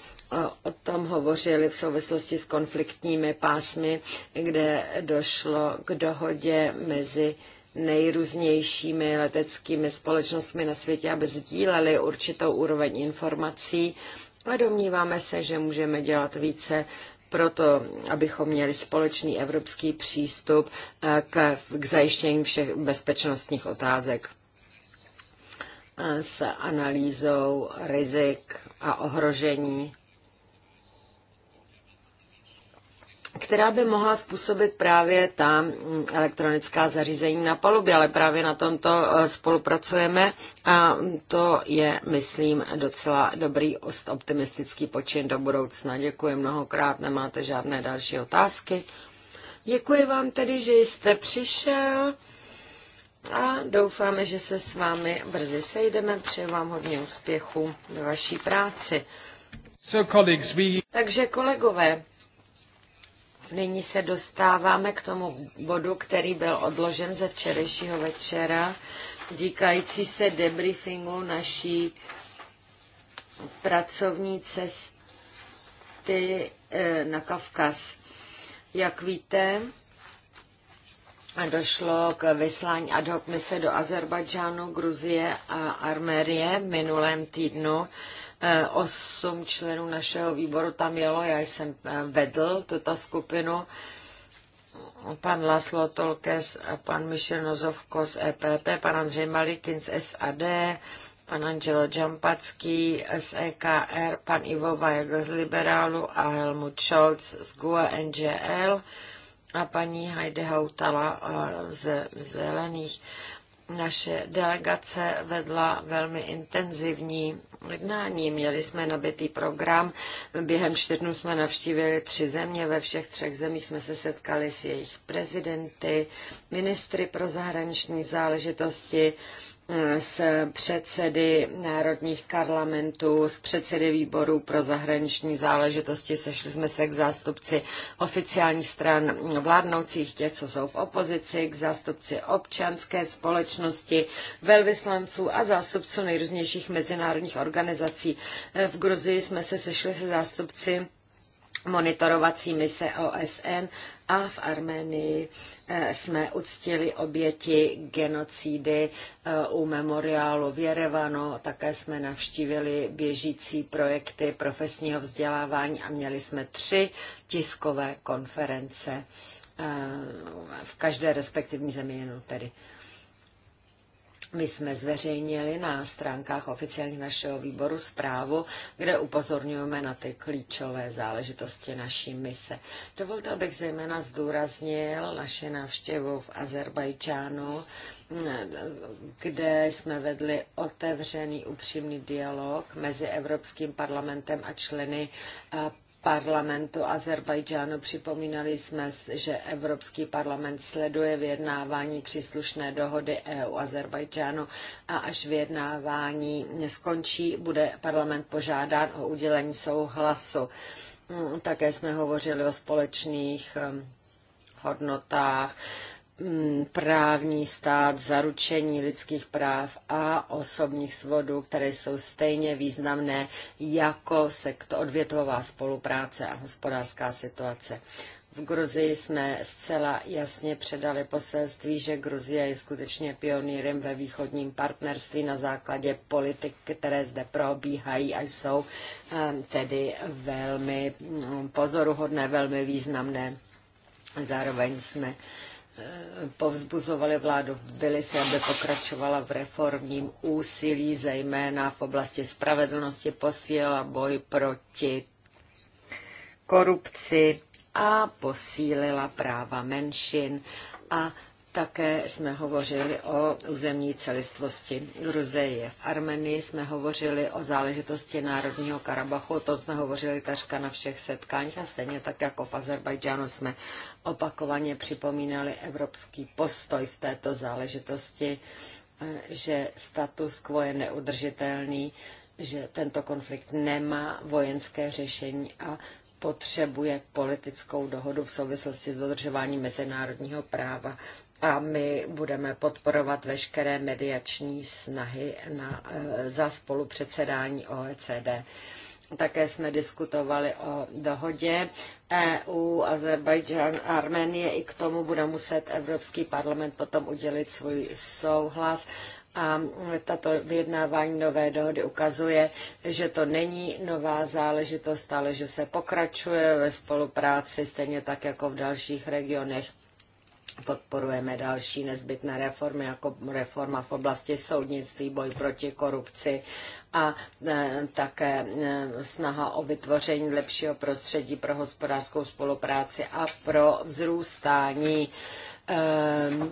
o tom hovořili v souvislosti s konfliktními pásmy, kde došlo k dohodě mezi nejrůznějšími leteckými společnostmi na světě, aby sdíleli určitou úroveň informací a domníváme se, že můžeme dělat více proto, abychom měli společný evropský přístup eh, k, k zajištění všech bezpečnostních otázek eh, s analýzou rizik a ohrožení která by mohla způsobit právě ta mm, elektronická zařízení na palubě, ale právě na tomto eh, spolupracujeme a to je, myslím, docela dobrý optimistický počin do budoucna. Děkuji mnohokrát, nemáte žádné další otázky. Děkuji vám tedy, že jste přišel a doufáme, že se s vámi brzy sejdeme. Přeji vám hodně úspěchu ve vaší práci. So, colleagues, we... Takže kolegové, Nyní se dostáváme k tomu bodu, který byl odložen ze včerejšího večera, díkající se debriefingu naší pracovní cesty eh, na Kavkaz. Jak víte, došlo k vyslání ad hoc mise do Azerbajdžánu, Gruzie a Armérie v minulém týdnu E, osm členů našeho výboru tam jelo, já jsem e, vedl tuto skupinu, pan Laslo Tolkes, pan Michel Nozovko z EPP, pan Andřej Malikin z SAD, pan Angelo Džampacký z EKR, pan Ivo Vajek z Liberálu a Helmut Scholz z GUE NGL a paní Heide Hautala e, z Zelených. Naše delegace vedla velmi intenzivní jednání. Měli jsme nabitý program, během čtyř dnů jsme navštívili tři země, ve všech třech zemích jsme se setkali s jejich prezidenty, ministry pro zahraniční záležitosti, s předsedy národních parlamentů, s předsedy výborů pro zahraniční záležitosti, sešli jsme se k zástupci oficiálních stran vládnoucích, těch, co jsou v opozici, k zástupci občanské společnosti, velvyslanců a zástupců nejrůznějších mezinárodních organizací. V Gruzii jsme se sešli se zástupci monitorovací mise OSN a v Arménii eh, jsme uctili oběti genocidy eh, u memoriálu v Jerevanu. Také jsme navštívili běžící projekty profesního vzdělávání a měli jsme tři tiskové konference eh, v každé respektivní zemi jenom tedy. My jsme zveřejnili na stránkách oficiálních našeho výboru zprávu, kde upozorňujeme na ty klíčové záležitosti naší mise. Dovolte, abych zejména zdůraznil naše návštěvu v Azerbajdžánu, kde jsme vedli otevřený, upřímný dialog mezi Evropským parlamentem a členy parlamentu Azerbajdžánu. Připomínali jsme, že Evropský parlament sleduje vyjednávání příslušné dohody EU Azerbajdžánu a až vyjednávání skončí, bude parlament požádán o udělení souhlasu. Také jsme hovořili o společných um, hodnotách, Mm, právní stát, zaručení lidských práv a osobních svodů, které jsou stejně významné jako sektor odvětvová spolupráce a hospodářská situace. V Gruzii jsme zcela jasně předali poselství, že Gruzie je skutečně pionýrem ve východním partnerství na základě politik, které zde probíhají a jsou eh, tedy velmi mm, pozoruhodné, velmi významné. Zároveň jsme povzbuzovali vládu v Bilisi, aby pokračovala v reformním úsilí, zejména v oblasti spravedlnosti posílila boj proti korupci a posílila práva menšin a také jsme hovořili o územní celistvosti Gruzeje. V Armenii jsme hovořili o záležitosti Národního Karabachu, To jsme hovořili takřka na všech setkáních a stejně tak jako v Azerbajdžánu jsme opakovaně připomínali evropský postoj v této záležitosti, že status quo je neudržitelný, že tento konflikt nemá vojenské řešení a potřebuje politickou dohodu v souvislosti s dodržováním mezinárodního práva a my budeme podporovat veškeré mediační snahy na, e, za spolupředsedání OECD. Také jsme diskutovali o dohodě EU, azerbajdžan Arménie. I k tomu bude muset Evropský parlament potom udělit svůj souhlas. A tato vyjednávání nové dohody ukazuje, že to není nová záležitost, ale že se pokračuje ve spolupráci, stejně tak jako v dalších regionech podporujeme další nezbytné reformy, jako reforma v oblasti soudnictví, boj proti korupci a e, také e, snaha o vytvoření lepšího prostředí pro hospodářskou spolupráci a pro vzrůstání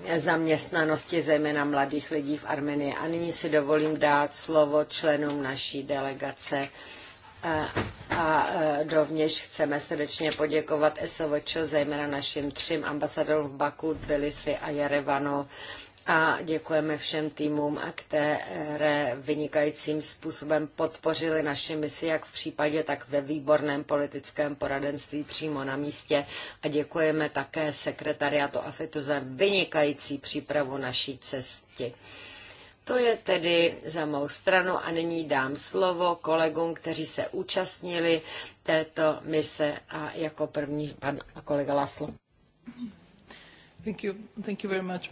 e, zaměstnanosti, zejména mladých lidí v Armenii. A nyní si dovolím dát slovo členům naší delegace a e, rovněž chceme srdečně poděkovat SOVČ, zejména našim třem ambasadorům v Baku, Tbilisi a Jerevanu. A děkujeme všem týmům, které vynikajícím způsobem podpořili naši misi, jak v případě, tak ve výborném politickém poradenství přímo na místě. A děkujeme také sekretariátu AFITu za vynikající přípravu naší cesty. To je tedy za mou stranu a nyní dám slovo kolegům, kteří se účastnili této mise a jako první pan a kolega Laslo. Thank you. Thank you very much.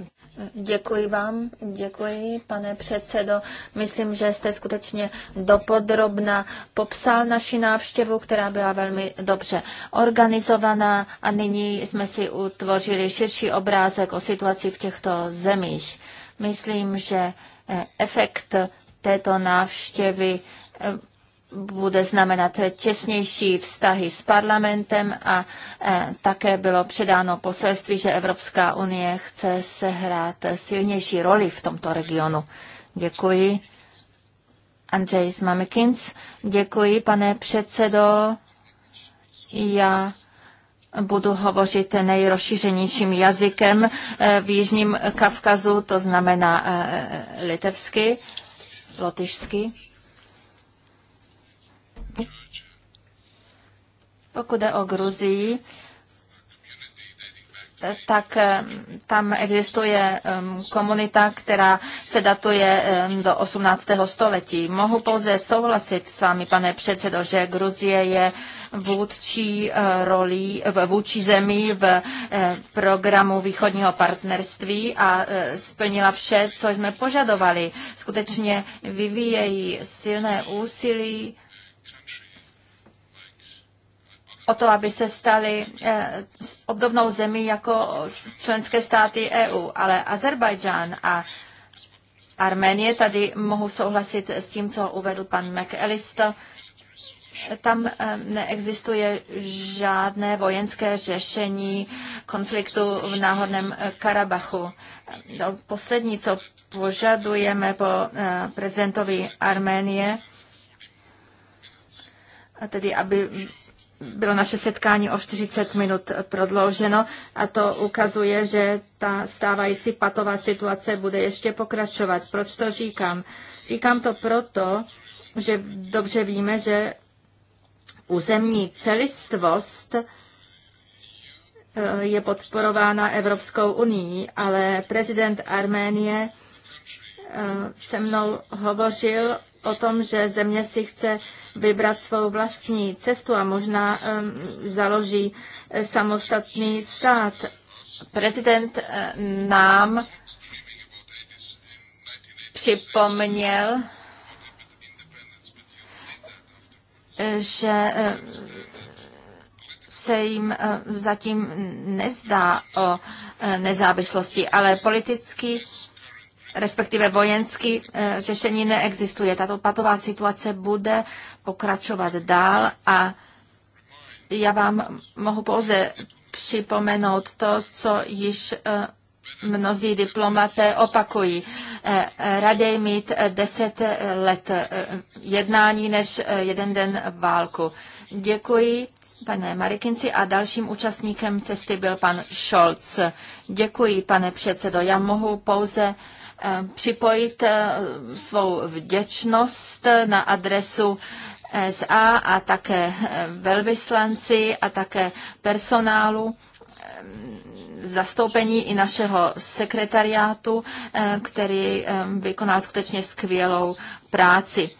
Děkuji vám, děkuji, pane předsedo. Myslím, že jste skutečně dopodrobna popsal naši návštěvu, která byla velmi dobře organizovaná a nyní jsme si utvořili širší obrázek o situaci v těchto zemích. Myslím, že Eh, efekt této návštěvy eh, bude znamenat těsnější vztahy s parlamentem a eh, také bylo předáno poselství, že Evropská unie chce sehrát silnější roli v tomto regionu. Děkuji. Andrzej z Mamikins. Děkuji, pane předsedo. Já budu hovořit nejrozšířenějším jazykem eh, v Jižním Kavkazu, to znamená eh, eh, litevsky, lotyšsky. Pokud jde o Gruzii, tak eh, tam existuje ehm, komunita, která se datuje ehm, do 18. století. Mohu pouze souhlasit s vámi, pane předsedo, že Gruzie je vůdčí eh, roli, vůči zemí v eh, programu východního partnerství a splnila vše, co jsme požadovali. Skutečně vyvíjejí silné úsilí o to, aby se staly eh, obdobnou zemí jako členské státy EU. Ale Azerbajdžán a Arménie, tady mohu souhlasit s tím, co uvedl pan McAllister, tam eh, neexistuje žádné vojenské řešení konfliktu v náhodném eh, Karabachu. No, poslední, co požadujeme po prezidentovi Arménie, tedy aby bylo naše setkání o 40 minut prodlouženo a to ukazuje, že ta stávající patová situace bude ještě pokračovat. Proč to říkám? Říkám to proto, že dobře víme, že územní celistvost eh, je podporována Evropskou unii, ale prezident Arménie eh, se mnou hovořil o tom, že země si chce vybrat svou vlastní cestu a možná založí eh, samostatný stát. Prezident eh, nám připomněl, eh, že se jim zatím nezdá o nezávislosti, ale politický respektive vojenský eh, řešení neexistuje. Tato patová situace bude pokračovat dál a já vám mohu pouze připomenout to, co již eh, mnozí diplomaté opakují. Eh, raději mít deset let jednání než jeden den válku. Děkuji pane Marikinci a dalším účastníkem cesty byl pan Scholz. Děkuji, pane předsedo. Já mohu pouze Eh, připojit eh, svou vděčnost na adresu SA a také eh, velvyslanci a také personálu zastoupení i našeho sekretariátu, který vykonal skutečně skvělou práci.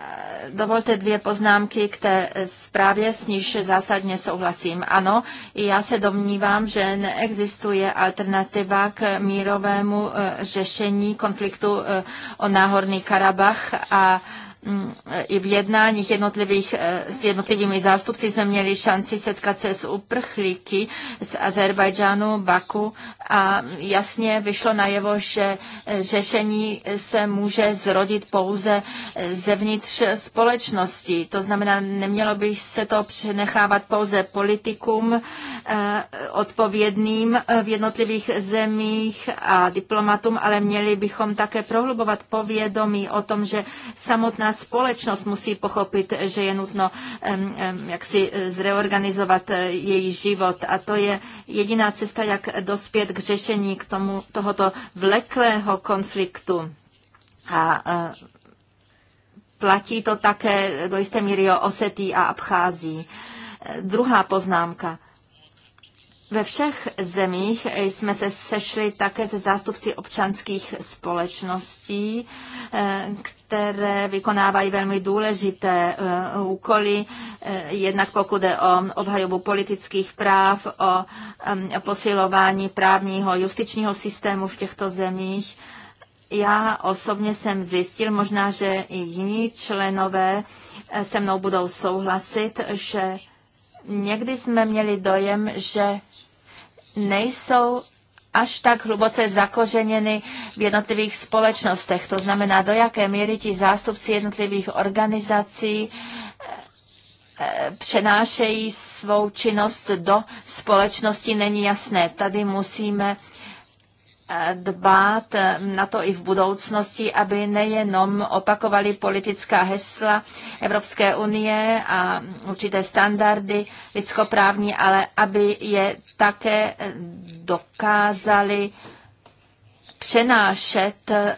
Eh, dovolte dvě poznámky k té zprávě, s níž zásadně souhlasím. Ano, já se domnívám, že neexistuje alternativa k mírovému eh, řešení konfliktu eh, o Náhorný Karabach a Mm, i v jednáních jednotlivých, eh, s jednotlivými zástupci jsme měli šanci setkat se s uprchlíky z Azerbajdžánu, Baku a jasně vyšlo najevo, že eh, řešení se může zrodit pouze eh, zevnitř společnosti. To znamená, nemělo by se to přenechávat pouze politikům odpovědným v jednotlivých zemích a diplomatům, ale měli bychom také prohlubovat povědomí o tom, že samotná společnost musí pochopit, že je nutno jak si eh, zreorganizovat eh, její život a to je jediná cesta, jak dospět k řešení k tomu, tohoto vleklého konfliktu. A eh, platí to také do jisté míry o Osetí a Abchází. Druhá poznámka – ve všech zemích jsme se sešli také se zástupci občanských společností, eh, které vykonávají velmi důležité eh, úkoly, eh, jednak pokud je o obhajobu politických práv, o posilování právního justičního systému v těchto zemích. Já osobně jsem zjistil, možná, že i jiní členové se mnou budou souhlasit, že někdy jsme měli dojem, že nejsou až tak hluboce zakořeněny v jednotlivých společnostech. To znamená, do jaké míry ti zástupci jednotlivých organizací eh, eh, přenášejí svou činnost do společnosti, není jasné. Tady musíme eh, dbát na to i v budoucnosti, aby nejenom opakovali politická hesla Evropské unie a určité standardy lidskoprávní, ale aby je také dokázali přenášet eh,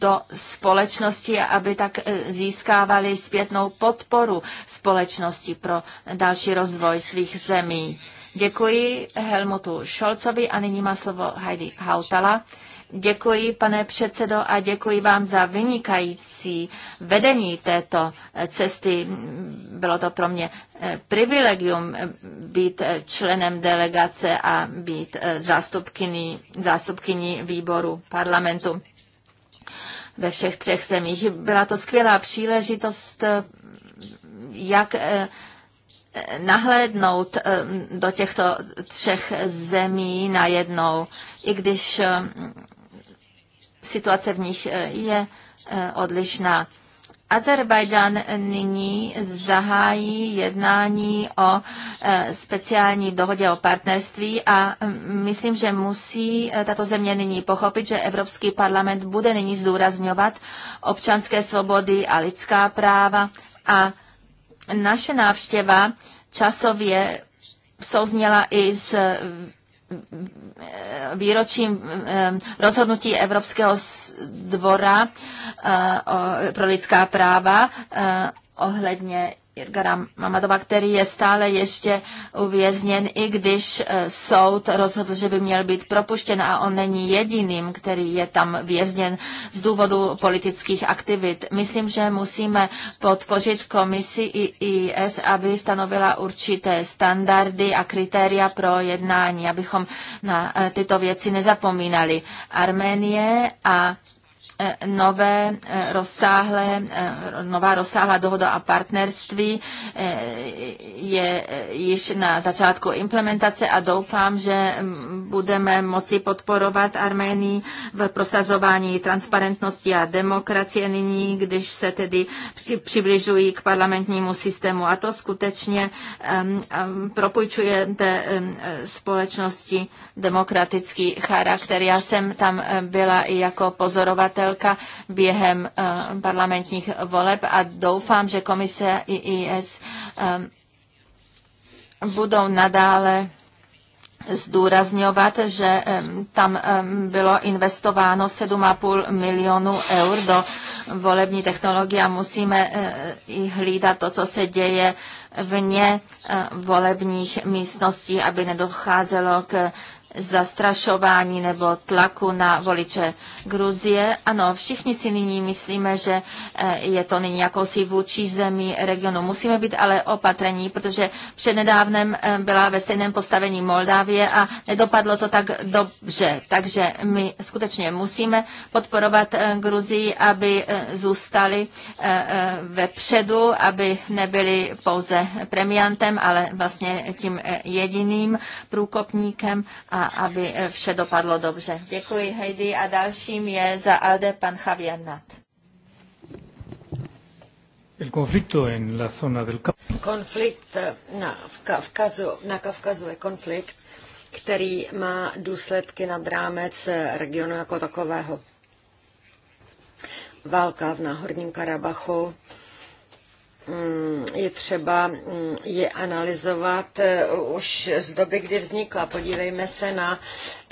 do společnosti, aby tak eh, získávali zpětnou podporu společnosti pro další rozvoj svých zemí. Děkuji Helmutu Šolcovi a nyní má slovo Heidi Hautala. Děkuji, pane předsedo, a děkuji vám za vynikající vedení této eh, cesty. Bylo to pro mě eh, privilegium eh, být členem delegace a být zástupkyní, zástupkyní výboru parlamentu ve všech třech zemích. Byla to skvělá příležitost, jak nahlédnout do těchto třech zemí najednou, i když situace v nich eh, je eh, odlišná. Azerbajdžán nyní zahájí jednání o eh, speciální dohodě o partnerství a mm, myslím, že musí tato země nyní pochopit, že Evropský parlament bude nyní zdůrazňovat občanské svobody a lidská práva a naše návštěva časově souzněla i s výročím rozhodnutí Evropského dvora eh, pro lidská práva eh, ohledně Edgara Mamadova, který je stále ještě uvězněn, i když e, soud rozhodl, že by měl být propuštěn a on není jediným, který je tam vězněn z důvodu politických aktivit. Myslím, že musíme podpořit komisi IIS, aby stanovila určité standardy a kritéria pro jednání, abychom na e, tyto věci nezapomínali. Arménie a Eh, nové eh, rozsáhlé, eh, nová rozsáhlá dohoda a partnerství je již na začátku implementace a doufám, že mm, budeme moci podporovat Arménii v prosazování transparentnosti a demokracie nyní, když se tedy přibližují k parlamentnímu systému a to skutečně propůjčuje té společnosti demokratický charakter. Já jsem tam byla i jako pozorovatel navrhovatelka během eh, parlamentních voleb a doufám, že komise IIS eh, budou nadále zdůrazňovat, že eh, tam bylo investováno 7,5 milionů eur do volební technologie a musíme i hlídat to, co se děje vně volebních místností, aby nedocházelo k zastrašování nebo tlaku na voliče Gruzie. Ano, všichni si nyní myslíme, že e, je to nyní jakousi vůči zemí regionu. Musíme být ale opatrní, protože přednedávnem e, byla ve stejném postavení Moldávie a nedopadlo to tak dobře. Takže my skutečně musíme podporovat e, Gruzii, aby zůstali ve předu, aby nebyli pouze premiantem, ale vlastně tím jediným průkopníkem a aby eh, vše dopadlo dobře. Děkuji Heidi a dalším je za Alde pan Javier Nat. Konflikt eh, na, v, Kavkazu, na Kavkazu je konflikt, který má důsledky nad rámec eh, regionu jako takového. Válka v Náhorním Karabachu Mm, je třeba mm, je analyzovat eh, už z doby, kdy vznikla. Podívejme se na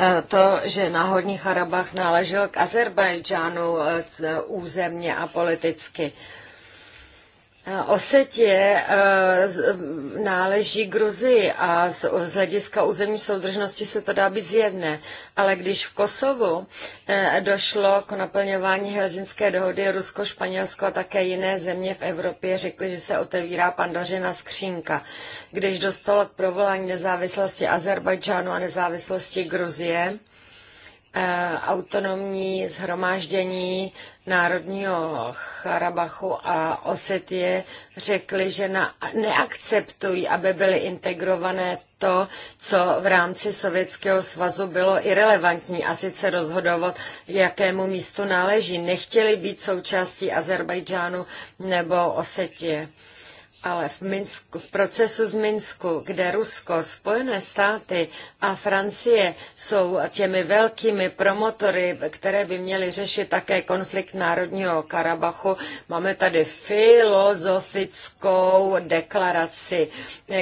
eh, to, že náhodní Harabach náležel k Azerbajdžánu eh, územně a politicky. Eh, Osetě eh, náleží Gruzii a z hlediska územní soudržnosti se to dá být zjevné. Ale když v Kosovu eh, došlo k naplňování Helsinské dohody, Rusko, Španělsko a také jiné země v Evropě řekly, že se otevírá pandořina skřínka. Když dostalo k provolání nezávislosti Azerbajdžánu a nezávislosti Gruzie, autonomní zhromáždění národního Charabachu a Osetie řekli, že na, neakceptují, aby byly integrované to, co v rámci Sovětského svazu bylo irrelevantní, a sice rozhodovat, jakému místu náleží. Nechtěli být součástí Azerbajdžánu nebo Osetie ale v, Minsku, v procesu z Minsku, kde Rusko, Spojené státy a Francie jsou těmi velkými promotory, které by měly řešit také konflikt Národního Karabachu, máme tady filozofickou deklaraci,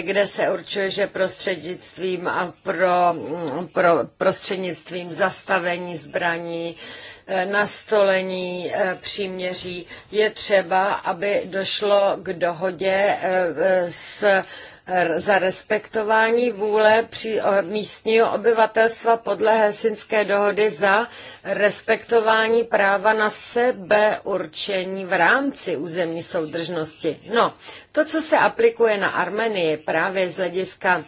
kde se určuje, že prostřednictvím a pro, pro, prostřednictvím zastavení zbraní, nastolení eh, příměří. Je třeba, aby došlo k dohodě eh, eh, s za respektování vůle při místního obyvatelstva podle Helsinské dohody za respektování práva na sebeurčení v rámci územní soudržnosti. No, to, co se aplikuje na Armenii právě z hlediska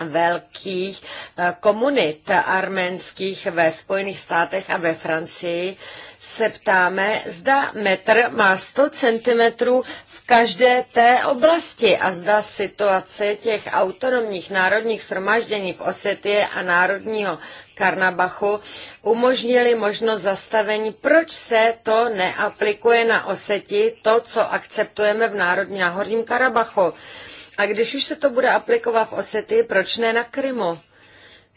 velkých eh, komunit arménských ve Spojených státech a ve Francii se ptáme, zda metr má 100 cm v každé té oblasti a zda situace těch autonomních národních shromaždění v Osetie a národního Karnabachu umožnili možnost zastavení, proč se to neaplikuje na Oseti, to, co akceptujeme v národní na Horním Karabachu. A když už se to bude aplikovat v Osety, proč ne na Krymu?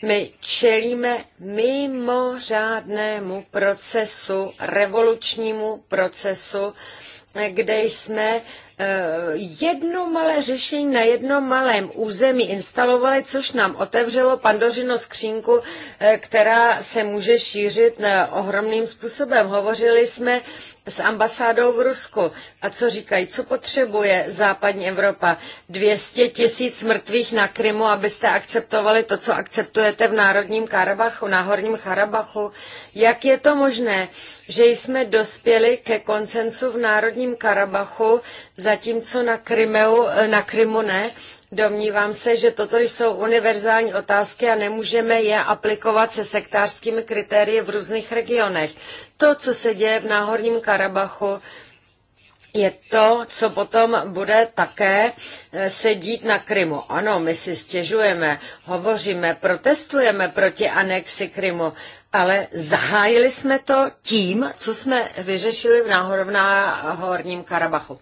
My čelíme mimořádnému procesu, revolučnímu procesu, kde jsme eh, jedno malé řešení na jednom malém území instalovali, což nám otevřelo pandořino skřínku, eh, která se může šířit eh, ohromným způsobem. Hovořili jsme s ambasádou v Rusku. A co říkají, co potřebuje západní Evropa? 200 tisíc mrtvých na Krymu, abyste akceptovali to, co akceptujete v Národním Karabachu, Náhorním Karabachu. Jak je to možné, že jsme dospěli ke konsensu v Národním Karabachu, zatímco na, Krymeu, na Krymu ne? Domnívám se, že toto jsou univerzální otázky a nemůžeme je aplikovat se sektářskými kritérii v různých regionech. To, co se děje v Náhorním Karabachu, je to, co potom bude také eh, se dít na Krymu. Ano, my si stěžujeme, hovoříme, protestujeme proti anexi Krymu, ale zahájili jsme to tím, co jsme vyřešili v náhorním Karabachu.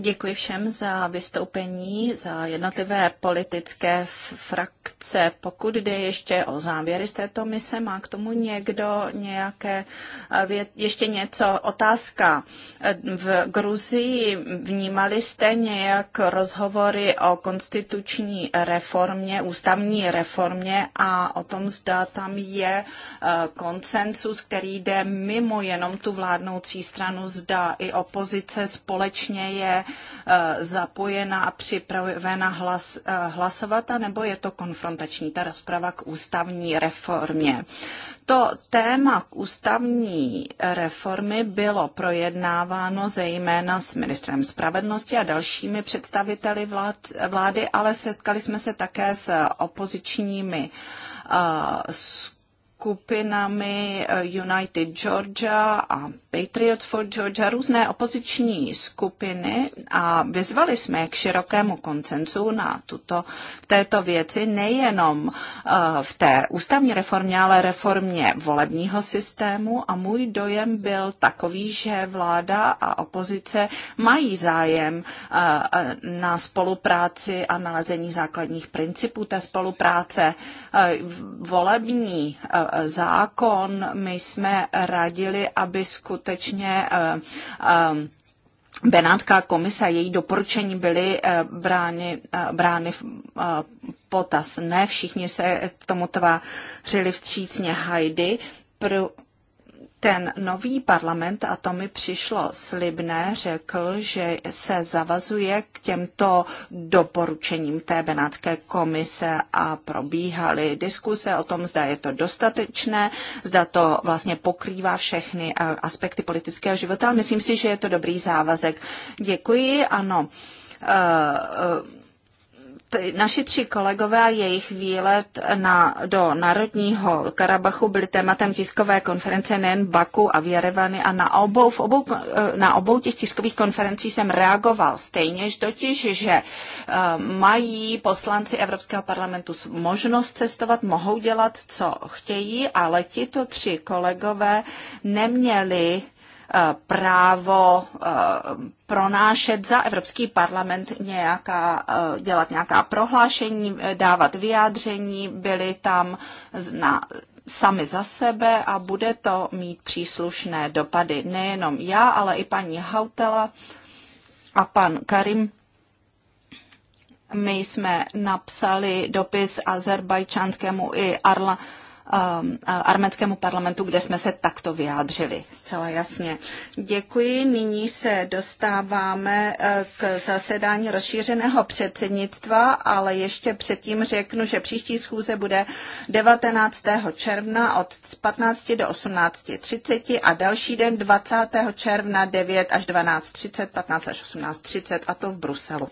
Děkuji všem za vystoupení, za jednotlivé politické frakce. Pokud jde ještě o závěry z této mise, má k tomu někdo nějaké, eh, ještě něco, otázka. Eh, v Gruzii vnímali jste nějak rozhovory o konstituční reformě, ústavní reformě a o tom, zda tam je eh, koncensus, který jde mimo jenom tu vládnoucí stranu, zda i opozice společně je Eh, zapojena a připravena hlas, eh, hlasovat, nebo je to konfrontační, ta rozprava k ústavní reformě. To téma k ústavní reformy bylo projednáváno zejména s ministrem spravedlnosti a dalšími představiteli vlád, vlády, ale setkali jsme se také s opozičními uh, skupinami eh, United Georgia a Patriot for Georgia, různé opoziční skupiny a vyzvali jsme k širokému koncenzu na tuto, této věci nejenom eh, v té ústavní reformě, ale reformě volebního systému a můj dojem byl takový, že vláda a opozice mají zájem eh, na spolupráci a nalezení základních principů té spolupráce. Volební zákon. My jsme radili, aby skutečně eh, eh, Benátská komisa její doporučení byly eh, brány, brány v potaz. Ne všichni se k tomu tvářili vstřícně Heidi. Pro, ten nový parlament, a to mi přišlo slibné, řekl, že se zavazuje k těmto doporučením té Benátské komise a probíhaly diskuse o tom, zda je to dostatečné, zda to vlastně pokrývá všechny eh, aspekty politického života, ale myslím si, že je to dobrý závazek. Děkuji, ano. Uh, uh, ty, naši tři kolegové a jejich výlet na, do Národního Karabachu byly tématem tiskové konference nejen Baku a Věrevany a na obou, v obou, eh, na obou těch tiskových konferencí jsem reagoval stejně, totiž, že eh, mají poslanci Evropského parlamentu možnost cestovat, mohou dělat, co chtějí, ale tito tři kolegové neměli Eh, právo eh, pronášet za Evropský parlament nějaká, eh, dělat nějaká prohlášení, dávat vyjádření, byli tam na sami za sebe a bude to mít příslušné dopady. Nejenom já, ale i paní Hautela a pan Karim. My jsme napsali dopis azerbajčanskému i Arla, Um, arménskému parlamentu, kde jsme se takto vyjádřili. Zcela jasně. Děkuji. Nyní se dostáváme eh, k zasedání rozšířeného předsednictva, ale ještě předtím řeknu, že příští schůze bude 19. června od 15 do 18.30 a další den 20. června 9 až 12.30, 15 až 18.30 a to v Bruselu.